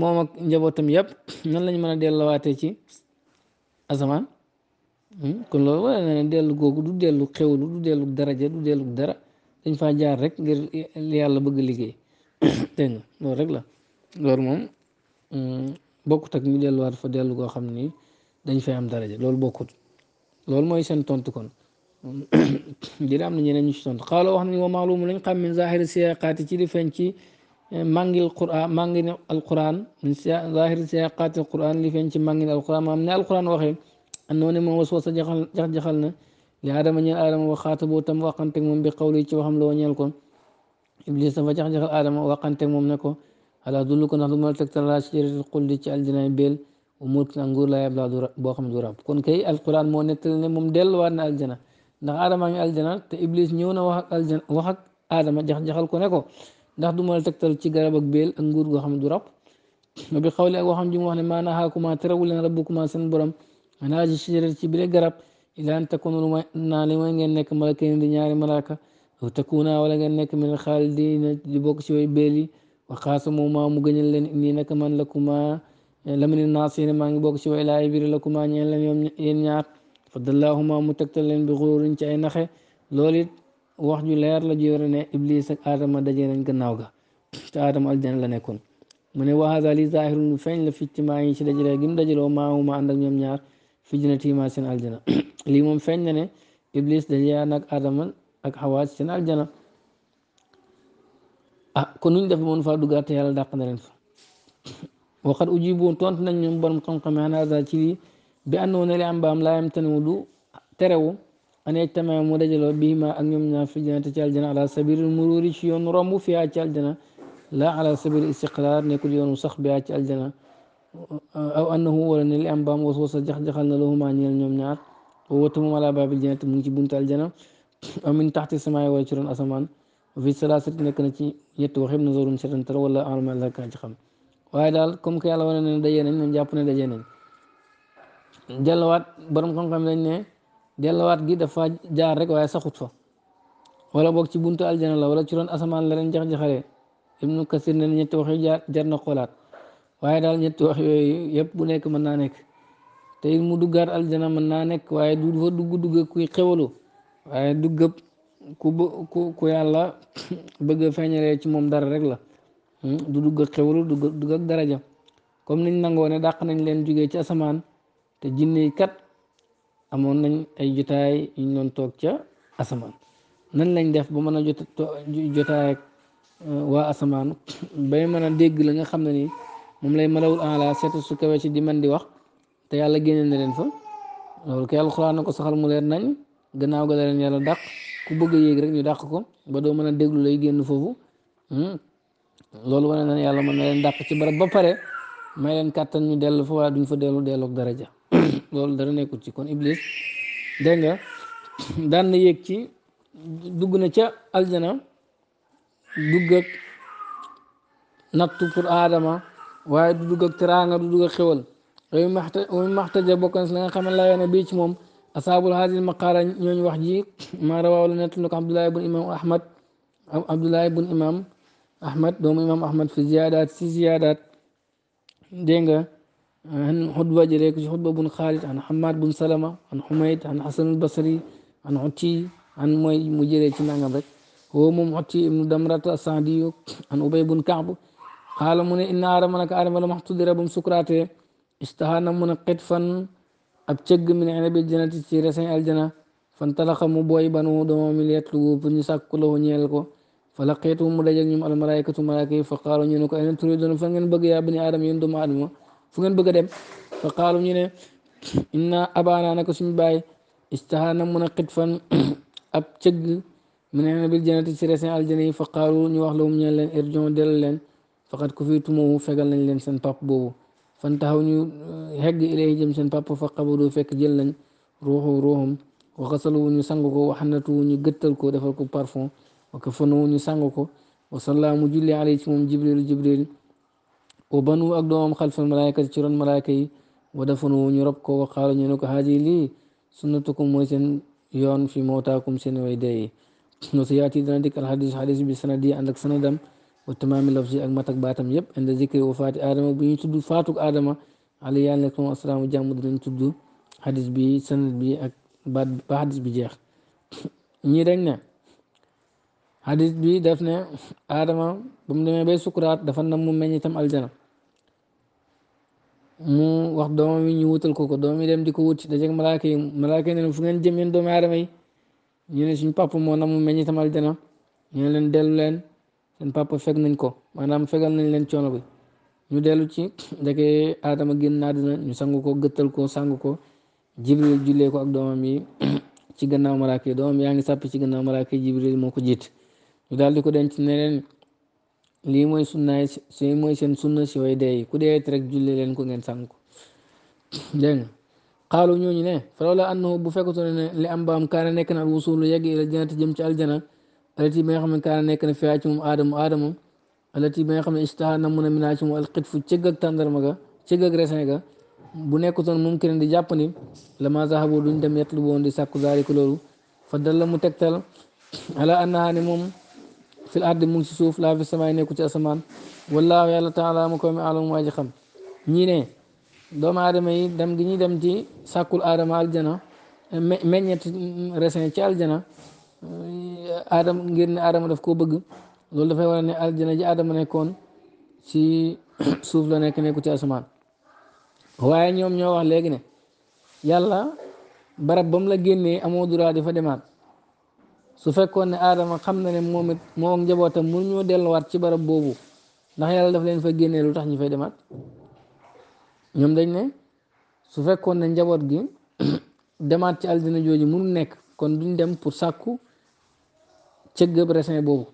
moom ak njabootam yëpp nan lañ mën a delluwaatee ci asamaan hmm? kon loolu wala na ne dellu googu du dellu xewlu du dellu daraja du dellu dara dañ faa jaar rek ngir li yàlla bëgg liggéey dégg nga loolu rek la loolu moom mm, bokkut ak ñu delluwaat fa dellu goo xam ni dañ fay am daraja loolu bokkut loolu mooy seen tontu kon dina am na ñeneen ñu ci tontu xaala wax nañu wa maalumu lañ xam min zahiri siyaqaati ci di feeñ ci eh, màngil quran màngil alquran min zahiri siyaqaati alquran li feeñ ci màngil alquran maam ne alquran waxee annoo ne moom waswasa jaxal jaxal na li aadama ñeel aadama waxaata boo tam waxante moom bi xawli ci waxam la wañeel ko iblis dafa jax jaxal aadama waxante moom ne ko ala dullu ko ndax du ma la tegtal laa shajaratil xuldi ci aljinaay beel wa mulkin ak nguur laay ab laa boo xam du rab kon kay alquran moo ndax aadama ngi aljana te iblis ñëw na wax ak aljana wax ak aadama jax jaxal ko ne ko ndax du ma la tegtal ci garab ak beel ak nguur goo xam du rab ma bi xawle ak waxam ji wax ne maanaa xaakuma terawul leen rabbukuma seen borom anaaji shajarat ci bile garab ilaan takunu naa li ngeen nekk malaka di ñaari malaaka وتكونا ولغنك من الخالدين جبوكش ويبيلي وخاصموا ما مغني لن اني نك من لكما لمن الناصين ما جبوكش ولا يبير لكما نيل لن يوم ينيا فضلهما متكتلن بغور تشاي نخه لولي واخ لير لا جيرني ابليس ادم دجي نك ناوغا ادم الجن لا نكون من هو هذا لي ظاهر فين في اجتماع شي دجي غيم دجي لو ما هما عندك نيوم نيار في جنتي ما سين الجنه لي موم فين ابليس دجي نك ادم ak xawaas seen aljana ah kon nuñ def moon faa duggaat te yàlla dàq na leen fa waxat ujibu tont nañ ñu borom xam-xam yi haaza ci lii bi àndoon na li am baam laa yam tanu du terewu anee tamay mu dajaloo bi ma ak ñoom ñaar fi jannati ci aljana ala sabiril mururi ci yoon romb fiyaa ci aljana laa ala sabiril istiqraar nekkul yoonu sax biyaa ci aljana aw annahu wala ne li am baam waswasa jax-jaxal na lahuma ñeel ñoom ñaar wa wata ala baabil mu ngi ci aljana amin taxti samaay waaye ci roon asamaan fi salaasati nekk na ci ñetti waxib nazarum setantal wala alama alaka ci xam waaye daal comme que yàlla wane ne dajee ne dajee nañ jàllawaat borom xam-xam dañ ne gi dafa jaar rek waaye saxut fa wala boog ci buntu aljana la wala ci roon asamaan la leen jax-jaxalee ibnu kasir ne ñetti wax yi jar na xoolaat waaye daal ñetti wax yooyu nekk mën naa nekk mu duggaat aljana mën naa nekk waaye du fa dugg dugg kuy xewalu waaye du gëpp ku ku ku yàlla bëgg a feeñalee ci moom dara rek la hmm? du dugg ak xewlu du dugg ak comme niñ nangoone dàq nañ leen jugee ci asamaan te jinne yi kat amoon nañ ay jotaay yuñ noon toog ca asamaan nan lañ def ba mën a jot jotaay ak euh, waa asamaan bay mën a dégg la nga xam ne ni moom lay mën a malawul ala seetu su kawe ci di man di wax te yàlla génne na leen fa loolu kay alxuraan na ko saxal mu leer nañ gannaaw ga la leen yàlla dàq ku bëgg yéeg rek ñu dàq ko ba doo mën a déglu lay génn foofu hmm? loolu wane na yàlla mën na leen dàq ci barab ba pare may leen kàttan ñu dellu fa waaye duñ fa dellu delloog daraja loolu dara nekkul ci kon Iblis dégg nga daan na yéeg ci dugg na ca aljana dugg ak nattu pour aadama waaye du dugg ak du dugg ak xewal yooyu maxta yooyu maxta ja si la nga xam ne laa yoon bii ci moom. أصحاب هذه المقالة نيون وحجي ما رواه لنا تنك عبد الله بن إمام أحمد عبد الله بن إمام أحمد دوم إمام أحمد في زيادات في زيادات دينغا عن حدوة جريك حدوة بن خالد عن حماد بن سلمة عن حميد عن حسن البصري عن عطي عن موي مجيري تنانغا نعم بك هو مم عطي ابن دمرة السعدي عن أبي بن كعب قال من إن أرمانك أرمان محتضر بن سكراته استهان من قطفاً ab cëgg min inabil jannati ci resin aljana fantalaxa mu booy banu doomam yi yetluwu pour ñu sàkku la ñeel ko fa laqiitu mu dajeeg ñoom almalaykatu malaaka yi fa qaalu ñu ne ko ayna turiiduuna fa ngeen bëgg yaa bani aadama yéen doomu aadama ngeen bëgg a dem fa qaalu ñu ne inna abaana naka suñu baay istahaa na mun a xit fan ab cëgg min inabil jannati ci resin aljana yi fa qaalu ñu wax la mu ñeel leen irjon delal leen faqad ku fi tumoo fegal nañ leen seen pap boobu فان تهاو نيو هج اليه جيم سن باب فقبلو فك جيل نان روحو روحم وغسلو نيو سانغو كو وحناتو نيو گتل كو دافال كو بارفون وكفنو نيو سانغو كو وصلى الله مجلي عليه سموم جبريل جبريل وبنو اك دوام خلف الملائكه تشرون ملائكه ودفنو نيو رب كو وقالو نيو نكو هادي لي سنتكم موي سن يون في موتاكم سن ويداي نو سياتي دنا ديك الحديث حديث بسندي عندك سندم watimaami lafzi ak matak baatam yëpp inda zikri wafaati aadama bu ñu tudd faatuk aadama ala yàlla nekk moom asalaamu jàmm dinañ tudd xadis bi sanad bi ak baat ba xadis bi jeex ñii dañ ne xadis bi daf ne aadama ba mu demee bay sukuraat dafa nam mu meññitam aljana mu wax doomam yi ñu wutal ko ko doom yi dem di ko wut da dajeeg malaaka yi malaaka yi fu ngeen jëm yéen doomi aadama ñu ne suñ pàpp moo nam mu meññitam aljana ñu ne dellu leen seen papa fekk nañ ko maanaam fegal nañ leen coono bi ñu dellu ci ndeke adama génn naa dina ñu sangu ko gëttal ko sangu ko jibril jullee ko ak doomam yi ci gannaaw maraaka yi doomam yaa ngi sàpp ci gannaaw maraaka yi jibril moo ko jiit ñu daal di ko denc ne lii mooy sunnaay si mooy seen sunna si way dee ku dee trek julle leen ko ngeen sàng ko dégg nga xaalu ñooñu ne falaw la annahu bu fekkatoo ne li am ba am kaana nekk na al wusul yegg ila jannati jëm ci aljana alati ba nga xam ne kaana nekk na fiyaa ci moom aadama aadama alati ba nga xam ne istaha namm na minaa ci moom alxit fu cëgg ak tàndarma ga cëgg ak resin ga bu nekkutoon moom keneen di jàpp ni lama zahabu duñ dem yetlu woon di sàkku zaari ko loolu fa dalla mu tegtal ala annaha ne moom fil ardi mu ngi si suuf laa fi samaay nekku ci asamaan wallaahu yàlla taala ma ko mi alamu waa ji xam ñii ne doomu aadama yi dem gi ñuy dem ci sàkkul aadama aljana meññet resin ci aljana aadama ngir ne aadama daf koo bëgg loolu dafay war ne aljana ji adama nekkoon ci suuf la nekk nekku ci asamaan waaye ñoom ñoo wax léegi ne yàlla barab ba la génnee amoo droit di fa demaat su fekkoon ne aadama xam na ne moom it moo njabootam mënu ñoo delluwaat ci barab boobu ndax yàlla daf leen fa génnee lu tax ñu fay demaat ñoom dañ ne su fekkoon ne njaboot gi demaat ci aljana jooju mënu nekk kon duñ dem pour sàkku cëggëb resin boobu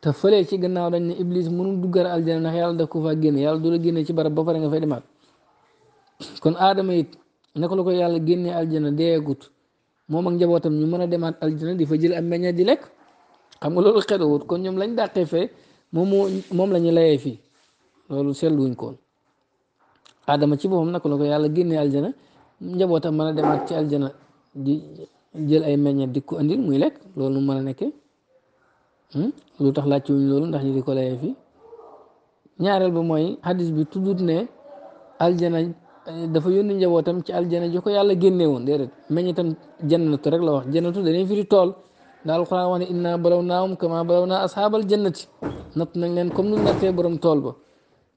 te fële ci gannaaw dañ ne Iblis mënul duggal aljana ndax yàlla daf ko génn génne yàlla du la génne ci barab ba pare nga fay demaat kon aadama yit naka la ko yàlla génnee aljana deegut moom ak njabootam ñu mën a demaat aljana di fa jël am meñña di lekk xam nga loolu xeluwut kon ñoom lañ dàqee fee moom moo moom la ñu layee fii loolu seetluwuñ ko woon aadama ci boppam naka la ko yàlla génnee aljana njabootam mën a demaat ci aljana jël ay meññeet di ko muy lekk loolu mën a nekke hmm? lu tax laajte wuñ loolu ndax ñu di ko layee fii ñaareel ba mooy hadis bi tuddut ne aljana dafa yónni njabootam ci aljana ji ko yàlla génnee woon déedéet meññetam jannatu rek la wax jannatu dañuy firi tool daal a wax ne inna balaw naahum kama balaw naa ashaabal jannati natt nañ leen comme nu nattee borom tool ba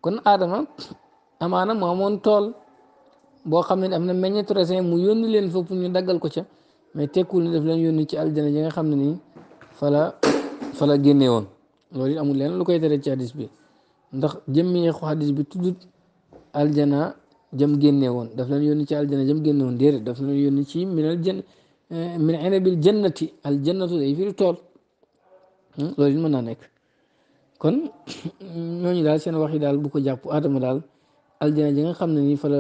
kon aadama amaana moo amoon tool boo xam ne am na meññetu raisin mu yónni leen ca mais tekkul ne daf leen yónni ci aljana yi nga xam ne nii fala fala génne woon loolu it amul leen lu koy tere ci hadis bi ndax jëmmi yeexu hadis bi tuddut aljana jëm génne woon daf leen yónni ci aljana jëm génne woon daf leen yónni ci minal jan eh, min inabil jannati aljannatu day firi tool hmm, loolu mën naa nekk kon ñooñu daal seen wax yi daal bu ko jàpp aadama daal aljana ji nga xam ne nii fala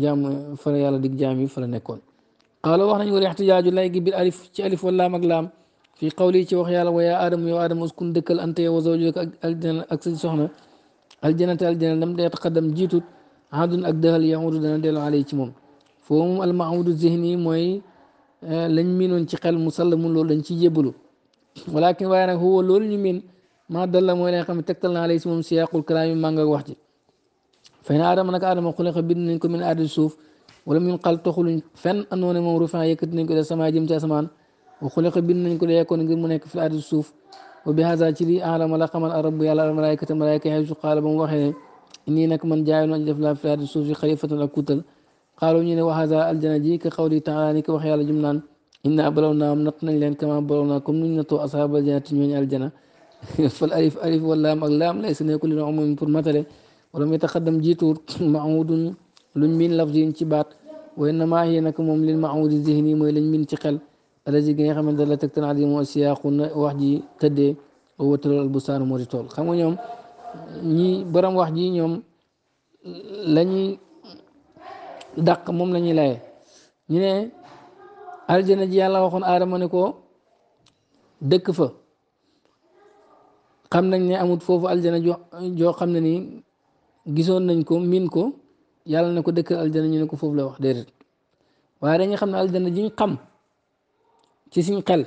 jaam fala yàlla dig jaam yi fala nekkoon قال وحنا يقول احتجاج الله بالالف الف ولا مقلام في قولي تي وخ يالا ويا ادم يا ادم اسكن دكل انت وزوجك الجنة اك سخنا الجنة الجنة لم يتقدم جيتو عاد اك دهل يعود دنا دل عليه تي موم فوم المعود الذهني موي آه، لن مين نتي خل مسلم لول لن تي جيبلو ولكن وانا هو لول ني مين ما دل موي لي خم تكتل عليه موم سياق الكلام ما نغ وخ فين ادم نك ادم خلق بن من ادم سوف ولم ينقل تخل فن انون موروفا يكت نكو دا سما جيم تاسمان وخلق بن نكو دا يكون غير منك في الارض السوف وبهذا تشري اعلم لا الرب يا الملائكه الملائكه حيث قال بن وحي اني نك من جاي نون دفلا في الارض السوف خليفه الكتل قالوا ني وهذا الجنجي كقول تعالى نك وحي على جمنان ان ابلونا نقن لين كما بلوناكم نتو اصحاب الجنه من الجنه فالالف الف واللام اللام ليس كل عموم فرمتله ولم يتقدم جيتور معود لن من لفظين تبات wa innama hiya nag moom lil maudi zihni mooy lañ min ci xel alaji gi nga xamante la tegtan adi moo siyaaqu na wax ji tëddee wa talool albustaan moo di tool xam nga ñoom ñi borom wax ji ñoom lañuy dàq moom la ñuy laye ñu ne aljana ji yàlla waxoon aadama ne ko dëkk fa xam nañ ne amut foofu aljana joo xam ne ni gisoon nañ ko min ko yàlla na ko dëkk aljana ñu ne ko foofu la wax déedéet waaye dañuy xam ne aljana jiñ xam ci suñ xel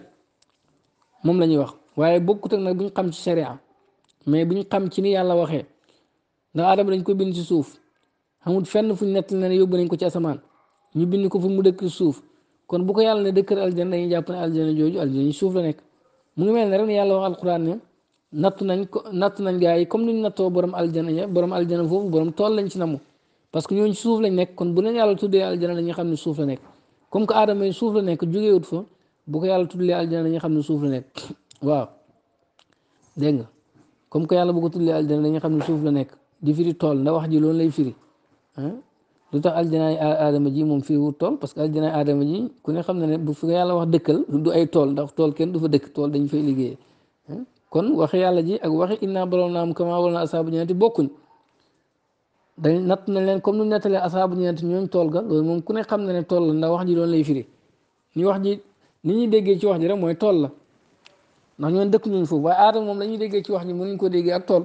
moom la ñuy wax waaye bokkut ak nag buñ xam ci sharia mais buñ xam ci ni yàlla waxee ndax aadama dañ ko bind ci suuf xamul fenn fuñ nett ne yóbbu nañ ko ci asamaan ñu bind ko fu mu dëkk suuf kon bu ko yàlla ne dëkkal aljana dañuy jàpp ne aljana jooju aljana suuf la nekk mu ngi mel ne rek ne yàlla wax alquran ne natt nañ ko natt nañ gaa yi comme ni ñu nattoo borom aljana ya borom aljana foofu borom tool lañ ci namu. parce que ñooñu suuf lañ nekk kon bu leen yàlla ne suuf la nekk comme que nekk jógee wut fa bu ko yàlla tuddee aljana dañuy xam ne suuf la nekk waaw dégg nga comme que yàlla bu ko tuddee aljana dañuy xam ne suuf la nekk di firi tool ndax wax ji loolu lay firi lu tax aljanaay aadama ji moom fii wut tool parce que aljanaay aadama ji ku ne xam na ne bu fi yàlla wax dëkkal du ay tool ndax tool kenn du fa dëkk tool dañu fay liggéeyee kon waxi yàlla ji ak waxi inna baloon naam kama wala na asaabu jannati bokkuñ dañ natt na leen comme nu nettalee asaabu ñeent ñooñ tool ga loolu moom ku ne xam na ne tool la ndax wax ji doon lay firi ni wax ji ni ñuy déggee ci wax ji rek mooy tool la ndax ñoon dëkk ñuñ foofu waaye moom la ñuy déggee ci wax ji mënuñ ko déggee ak tool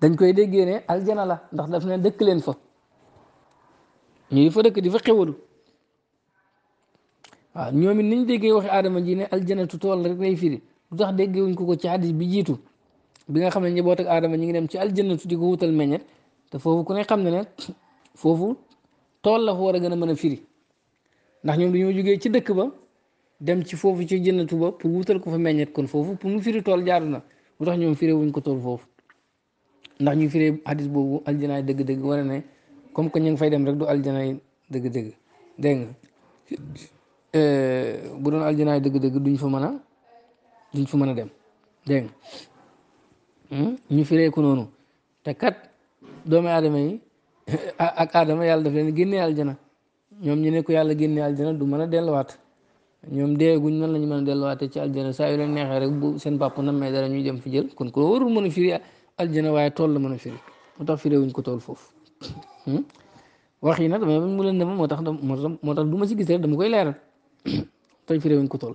dañ koy déggee ne aljana la ndax daf ne dëkk leen fa ñu fa dëkk di fa xewalu waaw ñoom it ni ñu déggee waxi aadama ji ne aljanatu tool rek lay firi lu tax déggee wuñ ko ko ci hadis bi jiitu bi nga xam ne ñi boo ak aadama ñu ngi dem ci aljannatu di ko wutal meññet te foofu ku ne xam ne ne foofu tool la fa war a gën a mën a firi ndax ñoom dañoo jugee ci dëkk ba dem ci foofu ci jënnatu ba pour wutal ko fa meññet kon foofu pour mu firi tool jaaru na lu tax ñoom firee wuñ ko tool foofu ndax ñu firee hadis boobu aljanaay dëgg-dëgg war ne comme que ñu ngi fay dem rek du aljanaay dëgg-dëgg dégg nga eh, bu doon aljanaay dëgg-dëgg duñ fa mën a duñ fa mën a dem dégg Hmm? ñu firee ko noonu te kat doomi aadama yi ak aadama yàlla daf leen génne aljana ñoom ñu ne yàlla génne aljana du man a delluwaat ñoom deeguñ nan la ñu mën a delluwaatee ci aljana saa yu leen neexee rek bu seen bàpp na may dara ñuy dem fi jël kon ko warul mën a firi aljana waaye tool la mën a firi moo tax firee wuñ ko tool foofu hmm? wax yi nag damay mu leen moo tax moo tax du ma si gis rek dama koy leeral tey firee wuñ ko tool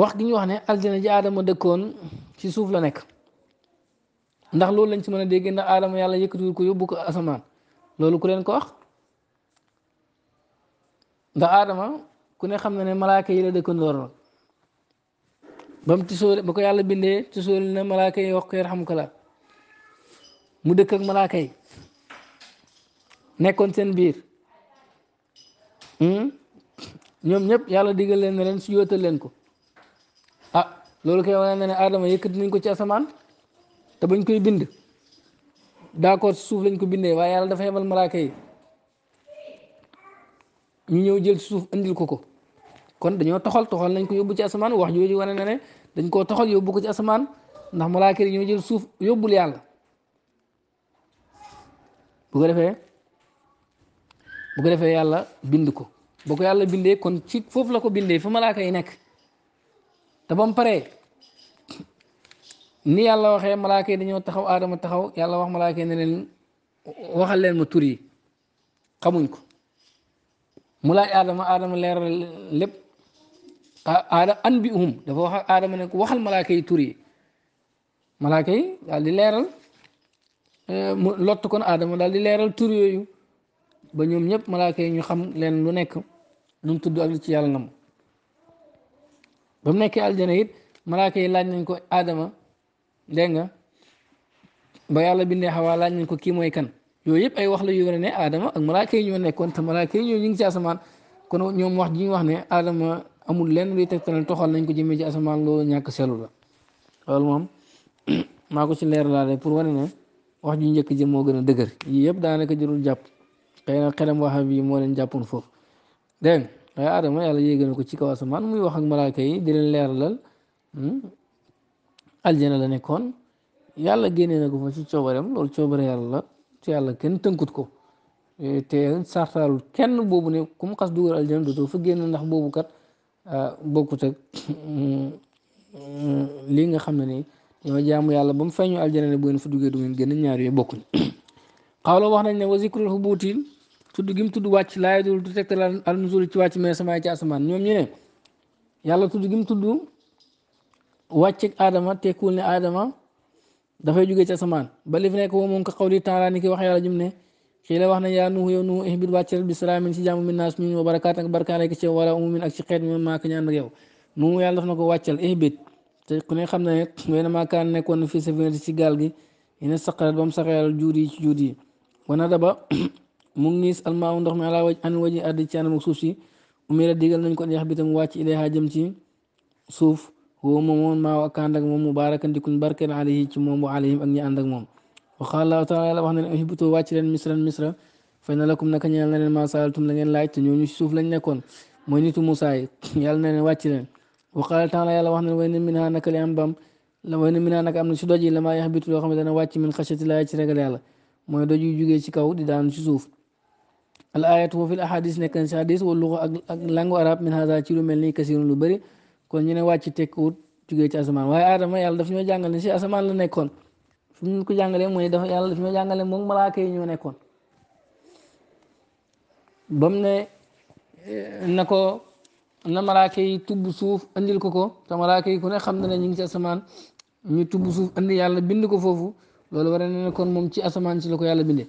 wax gi ñu wax ne aljana ji aadama dëkkoon ci suuf la nekk ndax loolu lañ ci mën a dégg na aadama yàlla yëkkatiwul ko yóbbu ko asamaan loolu ku leen ko wax ndax aadama ku ne xam na ne malaaka yi la dëkkandoor ba mu tisoo ba ko yàlla bindee tisoo na malaaka yi wax ko yarhamukallaa mu dëkk ak malaaka yi nekkoon seen biir hmm? ñoom ñëpp yàlla digal leen ne leen su yóotal leen ko ah loolu kay wane na ne adama yëkkati nañ ko ci asamaan te bañ koy bind d'accord ci suuf lañ ko bindee waaye yàlla dafa yebal malaaka yi ñu ñëw jël ci suuf andil ko ko kon dañoo toxal toxal nañ ko yóbbu ci asamaan wax jooju wane na ne dañ koo toxal yóbbu ko ci asamaan ndax malaaka yi ñoo jël suuf yóbbul yàlla bu ko defee bu ko defee yàlla bind ko bu ko yàlla bindee kon ci foofu la ko bindee fa malaaka yi nekk te ba mu paree ni yàlla waxee malaaka yi dañoo taxaw aadama taxaw yàlla wax malaaka yi ne waxal leen ma tur yi xamuñ ko mu laaj aadama aadama leeral lépp aada an bi um dafa wax aadama ne ko waxal malaaka yi tur yi di leeral eh, mu lott kon aadama daal di leeral tur yooyu ba ñoom ñëpp malaaka yi ñu xam leen lu nekk nu tudd ak ci yàlla nam ba nekkee aljana it laaj nañ ko aadama dégg nga ba yàlla bindee xawaa laaj nañ ko kii mooy kan yooy yëpp ay wax la yu wane ne Adama ak malaaka yi ñoo nekkoon te malaaka yi ñoo ñu ngi ci asamaan kon ñoom wax ji wax ne Adama amul lenn luy tegtal toxal nañ ko jëmee ci asamaan loolu ñàkk seetlu la loolu moom maa ko ci leer laale pour wane ne wax ju njëkk jëm moo gën a dëgër yii yëpp daanaka jërul jàpp xëy na xelam bi moo leen jàppoon foofu dégg nga waaye Adama yàlla gën na ko ci kaw asamaan muy wax ak malaaka yi di leen leeralal hmm? aljana la nekkoon yàlla génnee na ko fa ci coobareem loolu coobare yàlla la te yàlla kenn tënkut ko te sartaalul kenn boobu ne ku mu xas dugal aljana dootoo fa génn ndax boobu kat ah, bokkut ak mm, lii nga xam ne ni ñoo jaamu yàlla ba mu feeñu aljana ne bu ngeen fa duggee du génn ñaar yooyu bokkuñ xawla wax nañ ne wa zikrul hubuti tudd gi tudd wàcc laay dul du tegtal al ci wàcc mais samaay ci asamaan ñoom ñu ne yàlla tudd gi tudd wàcceeg aadama tekkuwul ne aadama dafay jóge ci asamaan ba li fi nekk woo moom ko xawli taala ni ki wax yàlla jum ne xii la wax nañ yaa nuux yow nuux ihbit wàcce bi salaamin ci jàmm min naas min wa barakaat ak barkaan ak ci wala umumin ak ci xeet mi maa na ko wàccal ihbit te ku ne xam ne wey na maa kaan nekkoon fii sa vinti ci gaal gi ina saqarat ba mu saxeeral juud yi ci juud yi wana daba mu ngis niis almaaw ndox mi ala waj an waji addi ci anam ak suuf si umira digal nañ ko deex bitam wàcc ilayha jëm ci suuf ومومون ما وكان لك موم مباركا دي كن عليه كموم وعليهم أني عندك موم وخال الله تعالى الله أن أحبتوا واجرا مصرا مصرا فإن لكم نكن يالنا ما سألتم لنين لايت نيون يشوف لن يكون مينيتو موسى يالنا واجرا وقال تعالى يا الله وين منها نكل ينبم لو وين منها نك أمن شدوج لما يحبتوا لكم إذا واجر من خشة لا يجرا قال الله ما يدوجي جوجي شكاو دي دان شوف الآية هو في الأحاديث نكن سادس واللغة أغ... أغ... لغة العرب من هذا تشيلو ملني كثير لبري kon ñu ne wàcc tekkiwut jugee ci asamaan waaye aadama yàlla daf ñoo jàngale ne si asamaan la nekkoon fu ñu ko jàngalee mooy dafa yàlla daf ñoo jàngale moom malaaka yi ñoo nekkoon ba ne eh, na ko na malaaka tubb suuf indil ko ko te malaaka yi ku ne xam na ne ñu ngi ci asamaan ñu tubb suuf andi yàlla bind ko foofu loolu war na ne kon moom ci asamaan si la ko yàlla bindee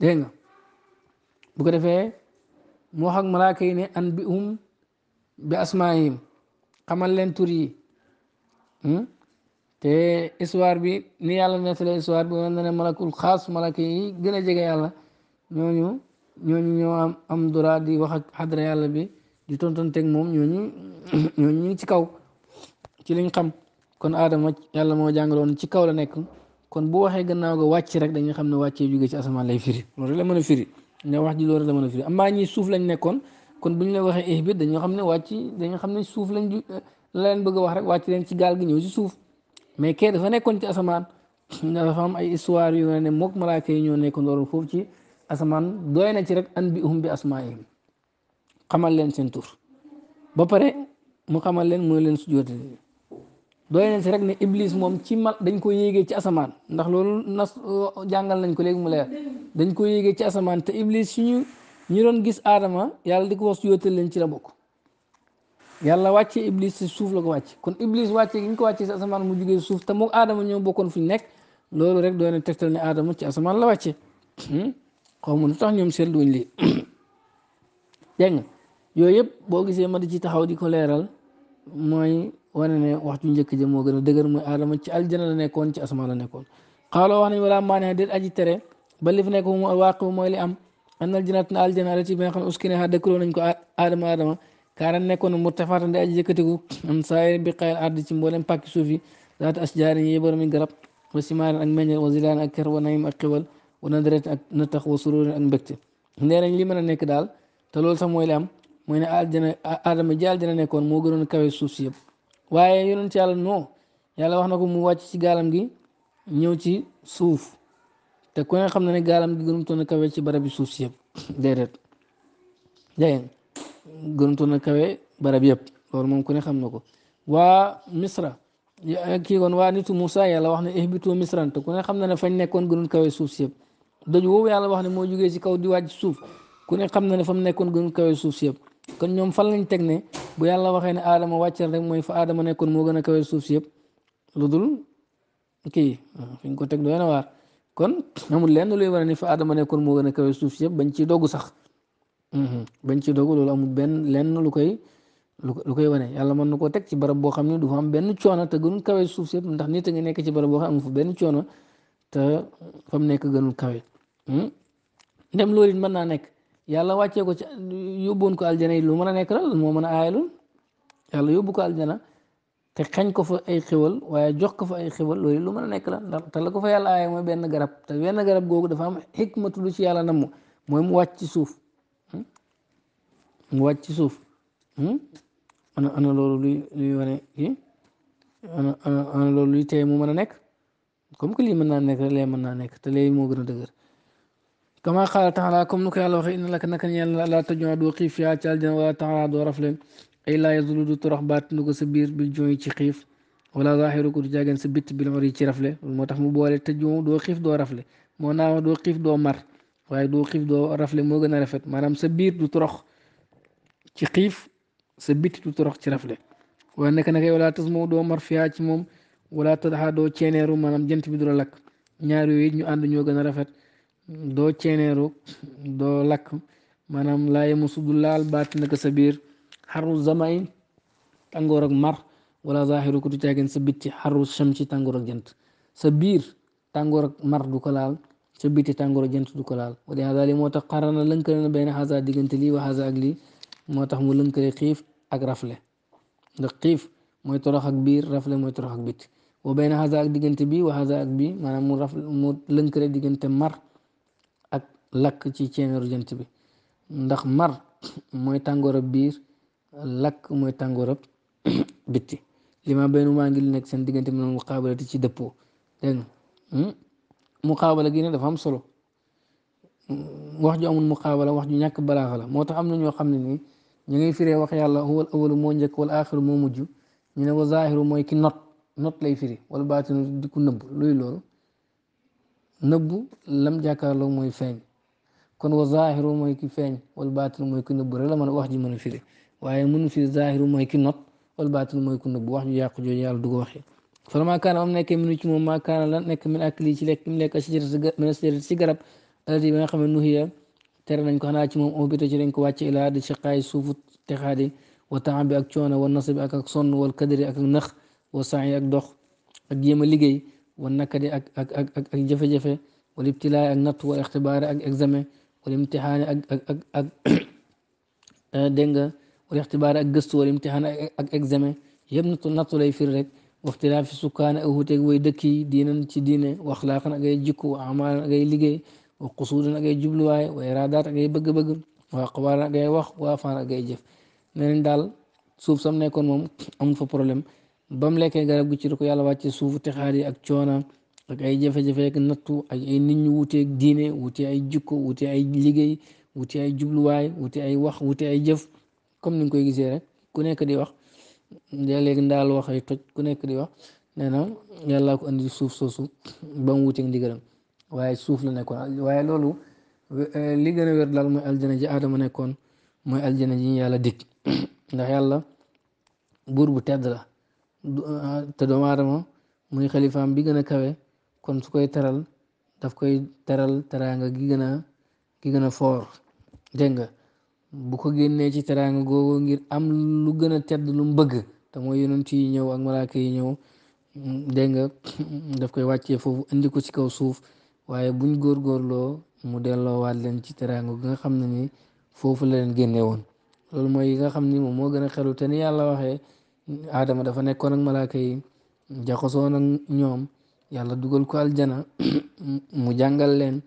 dégg nga bu defee mu wax ak ne an bi bi yi xamal leen tur yi hmm? te histoire bi ni yàlla nettalee histoire bi wan na ne malakul xaas malaka yi gën a jege yàlla ñooñu ñooñu ñoo am am dora di wax ak xadra yàlla bi di tontonteeg moom ñooñu ñooñu ñu ngi ci kaw ci liñ xam kon aadama yàlla moo jàngaloon ci kaw la nekk kon bu waxee gannaaw ga wàcc rek dañuy xam ne wàccee jóge ci asamaan lay firi loolu rek la mën a firi amaa ñi suuf lañ nekkoon kon bu ñu la waxee ihbit dañoo xam ne wàcc dañoo xam ne suuf lañ eh, la leen bëgg wax rek wàcc leen ci gaal gi ñëw ci suuf mais kee dafa nekkoon ci asamaan dafa am ay histoire yu ne mook malaaka yi ñoo nekkoon loolu foofu ci asamaan doy na ci rek an bi um bi asmaa'ihim xamal leen seen ba pare mu xamal leen mu leen sujjóote doy na ci rek ne iblis moom ci mal dañ ko yéegee ci asamaan ndax loolu nas jàngal nañ ko léegi mu leer dañ ko yéegee ci asamaan te iblis ñu doon gis aadama yàlla di ko wax yóotal leen ci la bokk yàlla wàcce iblis suuf la ko kon iblis wàcce gi ñu ko wàcce si asamaan mu jugee suuf te moom aadama ñoo bokkoon fu ñu nekk loolu rek doon na tegtal ne aadama ci asamaan la wàcce hmm? xaw ma lu tax ñoom seetlu wuñ lii dégg nga yooyu yëpp boo gisee ma di ci taxaw di ko leeral mooy wane ne wax ju njëkk ja moo gën a dëgër mooy aadama ci aljana la nekkoon ci asamaan la nekkoon xaaloo wax nañ wala maanaa déet nekk moom mooy li am an aljanaat na aljanaat ci bi nga xam ne uskine ha ko aadama aadama kaaran nekkoon murtafaatan di aji yëkkatiku am saay bi xayal ci mboolem pàkki suuf yi zaata asjaari yi garab wa simaaran ak meññal wa zilaan ak ker wa naim ak xiwal wa nadaret ak natax wa sururin ak mbégte nee nañ li mën a nekk daal te loolu sax mooy li am mooy ne aljana aadama ji aljana nekkoon moo gënoon kawe suuf si yëpp waaye yonent yàlla non yàlla wax na ko mu wàcc ci gaalam gi ñëw te ku ne xam na ne gaalam gi gënutoon na kawe ci barabi yi suuf si yëpp déedéet dégg ngeen gënutoon na kawe barab yëpp loolu moom ku ne xam na ko waa Misra kii kon waa nitu Moussa yàlla wax ne ihbitu Misran te ku ne xam na ne fañ nekkoon gënul kawe suuf si yëpp doj woowu yàlla wax ne moo si kaw di wàcc suuf ku ne xam na ne fa mu nekkoon gënul kawe suuf si yëpp kon ñoom fan lañ teg ne bu yàlla waxee ne Adama wàccal rek mooy fa Adama nekkoon moo gën a kawe suuf si yëpp lu dul kii fi ko teg doy na waar. kon amul lenn luy war a ni fa Adama nekkoon moo gën a kawe suuf si yëpp bañ ciy dogg sax mhm. bañ ciy dogg loolu amul benn lenn lu koy lu koy wane yàlla mën na koo teg ci barab boo xam ne du fa am benn coono te gënul kawe suuf ndax nit a ngi nekk ci barab boo xam ne amu fa fa mu nekk gënul kawe hmm? ndem loolu it mën naa nekk yàlla wàccee ko ci yóbboon ko aljana yi lu mën a nekk la moo mën a aayalul yàlla yóbbu ko aljana te xañ ko fa ay xéwal waaye jox ko fa ay xéwal loolu lu mën a nekk la ndax te la ko fa yàlla aaye mooy benn garab te benn garab googu dafa am xikmatu lu ci yàlla namm mooy mu wàcc ci suuf hmm? mu wàcc ci suuf hmm? ana ana loolu luy luy wane kii ana ana loolu luy mu mën a nekk comme que lii mën na nekk rek lee mën na nekk te lee moo gën a dëgër kama qaala taala comme nu ko yàlla waxee inna laka naka yàlla la tajoo doo xiif yaa ci aljana wala taala doo rafle اي لا yazulu دو torox بات نوكو سي بير بي جوي jooy خيف ولا ظاهر كو جاغان سي بيت بي لوري bil ori موتاخ مو بولي tax دو خيف دو moom مو ناو دو خيف دو مار واي دو خيف دو waaye مو غنا رافيت مانام سي بير دو rafet maanaam خيف سي بيت دو ci xiif sa و نك نك ولا rafle دو مار فيا تي موم ولا تدها دو fiyaa مانام جنت بي tadaxaa لاك ñaar yooyu ñu ànd ñoo gën a rafet doo ceeneeru doo lakk maanaam laa yemusu laal baat naka sa biir xarru zamay tàngoor ak mar wala zaahiru ko du caagin sa bitti xarru shamsi tàngoor ak jant sa biir tàngoor ak mar du ko laal sa bitti tàngoor ak jant du ko laal wala hada li moo tax xarana lënkale na benn hasa diggante lii wa hasa ak lii moo tax mu lënkale xiif ak rafle ndax xiif mooy torox ak biir rafle mooy torox ak bitti wa benn hasa ak diggante bii wa hasa ak bii maanaam mu rafle mu lënkale diggante mar ak lakk ci ceeneeru jant bi ndax mar mooy tàngoor ak biir lakk mooy tàngoorab bitti li ma benn maa ngi nekk seen diggante mu ne muqaabalati ci dëppoo dégg nga hmm? muqaabala gi ne dafa am solo wax ju amul muqaabala wax ju ñàkk balaa la moo tax am na ñoo xam ne nii ñu ngi fire wax yàlla huwal awalu moo njëkk wala aaxiru moo mujj ñu ne wa mooy ki not not lay firi wala baatinu di ko nëbb luy loolu nëbbu lam jàkkaarloo mooy feeñ kon wa mooy ki feeñ wal baatinu mooy ki nëbb rek la man a wax ji mën a waaye mënu fi zahiru mooy ki not wal baatin mooy ku nëbb wax ju yàqu jooju yàlla du ko waxee fala ma kaana am nekk minu ci moom ma kaana la nekk min ak lii ci lekk mu lekk mina sajarati ci garab alati bi nga xam ne nuhiya tere nañ ko xanaa ci moom obita ci dañ ko wàcce ilaa di shaqaay suufu texaadi wa taam bi ak coono wa nasabi ak ak sonn wal kadari ak ak nax wa saay ak dox ak jéem a liggéey wa nakadi ak ak ak ak jafe-jafe wal ibtilaay ak natt wal ixtibaar ak examen wal imtixaani ak ak ak ak dégg nga wal ixtibaar ak gëstu wal imtixaan ak examen yëpp nattu nattu lay firi rek waxtilaa fi sukkaane ak wuuteeg way dëkk yi diinan ci diine wa axlaaqan ak ay jikko wa amaalan ak ay liggéey wa xusuudan ak ay jubluwaay wa iraadaat ak ay bëgg-bëgg wa aqwaalan ak ay wax wa afaan ak ay jëf nee nañ daal suuf sam nekkoon moom amul fa problème ba mu lekkee garab gi ci la ko yàlla wàcce suufu texaar yi ak coona ak ay jafe-jafe ak nattu ak ay nit ñu wuuteeg diine wuute ay jikko wuute ay liggéey wuute ay jubluwaay wuute ay wax wuute ay jëf comme ni nga koy gisee rek ku nekk di wax léegi ndaal wax ay toj ku nekk di wax nee na yàllaa ko andi suuf soosu ba mu wuteeg ndigalam waaye suuf la nekkoon waaye loolu eh, li gën a wér daal mooy aljana ji nekkoon mooy aljana ji yàlla dikk ndax yàlla buur bu tedd la eh, te doomu aadama muy xalifaam bi gën a kawe kon su koy teral daf koy teral teraanga gi gën a gi gën a foor dégg nga bu ko génnee ci teraanga googu ngir am lu gën a tedd lu mu bëgg te mooy yonent yi ñëw ak malaaka yi ñëw dégg nga daf koy wàccee foofu indi ko ci kaw suuf waaye buñ góorgóorloo mu delloowaat leen ci teraangu gi nga xam ne ni foofu la leen génne woon loolu mooy yi nga xam ni moom moo gën a xelu te ni yàlla waxee aadama dafa nekkoon ak malaaka yi jaxasoon ak ñoom yàlla dugal ko aljana mu jàngal leen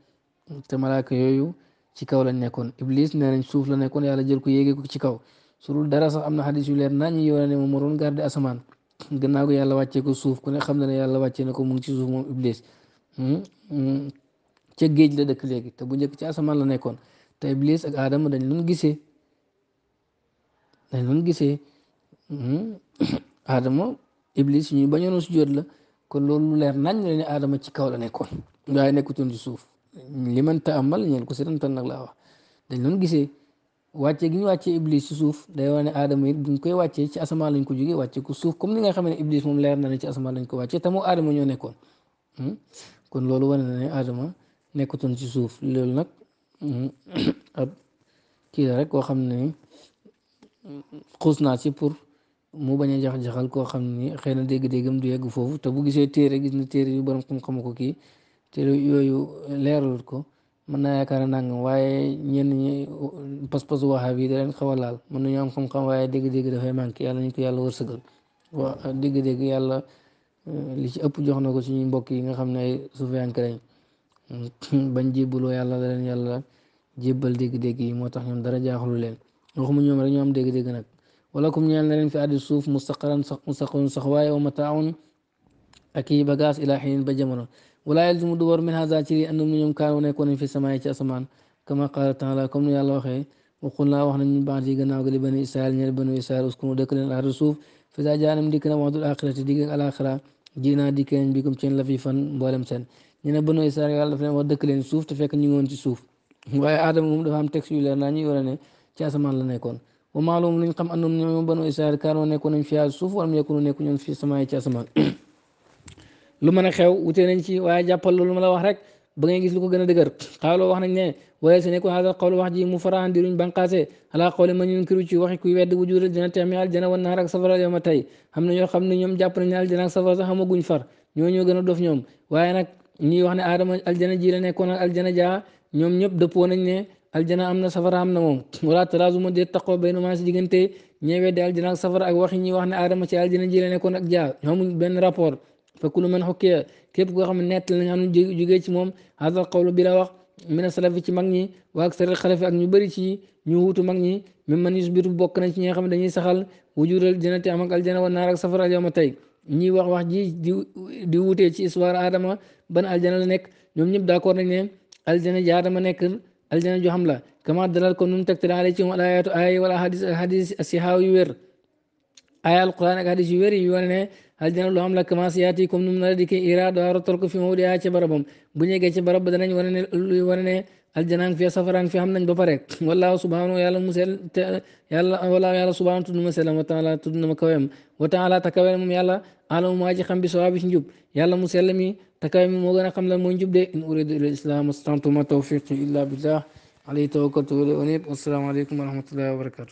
te malaaka yooyu ci kaw lañ nekkoon Iblis nee nañ suuf la nekkoon yàlla jël ko yéegee ko ci kaw su dul dara am na xadis yu leer naa ñu yoone ne moom moo doon garde asamaan gannaaw ko yàlla wàccee ko suuf ku ne xam na ne yàlla wàccee na ko mu ngi ci suuf moom Iblis hmm? Hmm? ca géej la dëkk léegi te bu njëkk ci asamaan la nekkoon te Iblis ak Adama dañ doon gisee dañ doon gisee hmm? Adama Iblis ñuy si sujjóot la kon loolu leer nañ la ne Adama ci kaw la nekkoon waaye nekkutoon ci suuf. li man taamal ñeel ko sitantal nag laa wax dañ doon gisee wàccee gi ñu wàccee iblis ci suuf day wane aadama it buñ koy wàccee ci asamaan lañ ko jógee wàccee ko suuf comme ni nga xam ne iblis moom leer na ne ci asamaan lañ ko wàccee te moo ñoo nekkoon hmm? kon loolu wane na ne aadama nekkutoon ci suuf loolu nag hmm, ab la rek koo xam ne xuus naa ci pour mu bañ a jax-jaxal koo xam ni xëy na dégg-déggam du yegg foofu te bu gisee téere gis na téere yu borom xam-xamu kii te yooyu leeralul ko mën naa yaakaar ne nangam waaye ñenn ñi pas-pasu waxaab yi da leen xaw a laal mën nañu am xam waaye dégg-dégg dafay manqué yàlla ñu ko yàlla wërsëgal wa dégg-dégg yàlla eh, li ci ëpp jox na ko suñuy mbokk yi nga xam ne ay suufiyanke lañ hmm, bañ jébbaloo yàlla da leen yàlla jébbal dégg-dégg yi moo tax ñoom dara jaaxalu leen waxuma ñoom rek ñoo am dégg nag wala kum ñeel na leen fi àddi suuf mustaqaran sax mustaqarun sax waaye wa mataaun ak i bagage ilaa xiin ba walaa yalzumu du war min haza ci lii annahum ñoom kaanu nekkoon nañ fi samaay ci asamaan kama qaala taala comme nu yàlla waxee waqul naa wax nañu baax yi gannaaw gi li bani israil ñeel bani israil uskunu dëkk leen ardu suuf fa saa jaanam dikk na waxdul axirati digg ak alaxira ji naa dikk leen bi comme seen la fi fan mboolem seen ñu ne bani israil yàlla dafa leen wax dëkk leen suuf te fekk ñu ngi woon ci suuf waaye aadama moom dafa am texte yu leer naa ñuy war a ne ci asamaan la nekkoon wa maalum luñ xam annahum ñoom bani israil kaanu nekkoon nañ fi suuf wala mu yekkunu nekku ñoon fi samaay ci asamaan lu mën a xew wute nañ ci waaye jàppal lu ma la wax rek ba ngay gis lu ko gën a dëgër xaaloo wax nañ ne waaye su nekku haadal xawlu wax ji mu faraan diruñ banqaase alaa xawli ma ñun kiru ci waxi kuy wedd wujudal dina teemi aljana wan naar ak safara yow ma tey xam ne ñoo xam ñoom jàpp nañ aljana ak safara sax xamaguñ far ñoo ñoo gën a dof ñoom waaye nag ñuy wax ne aadama aljana ji la nekkoon ak aljana jaa ñoom ñëpp dëppoo nañ ne aljana am na safara am na moom wala talaasuma dee taqoo bay numaa si diggante ñee wedde aljana ak safara ak waxi ñuy wax ne aadama ci aljana ji kon nekkoon ak jaa ñoomuñ benn rapport فكل من حكي كيف كو خامن نيت لا جوغي سي موم هذا القول بلا وقت من السلف سي ماغني واكثر الخلف اك ني بري سي ني ووتو ماغني ميم من يثبت بوك نا سي ني خامن داني سخال وجود الجنه امك الجنه والنار سفر اليوم تاي ني واخ واخ جي دي ووتو سي اسوار ادم بن الجنه لا نيك نيوم نيب داكور ناني الجنه يا ادم نيك الجنه جو حمله كما دلال كون تكتر علي سي الايات اي ولا حديث حديث السيحاوي وير ايا القران حديث وير يوانه aljana lu am la yaati comme nu mu nar a dikkee iraado rottal ko fi mu wóor ca barabam bu ñu yeggee ci barab danañ wane ne luy wane ne aljanaa ngi nañ ba pare wallaahu subhaanahu yàlla ma selam wa taala tudd na ma kawem wa taala ta kawem moom yàlla alamu maa xam bi sawaabi ci njub yàlla mu sell mi ta kawem mi xam la moo njub de in uridu ila islam astantu ma tawfiqi illa billah alayhi tawakkaltu wa ilayhi unib assalaamu aleykum wa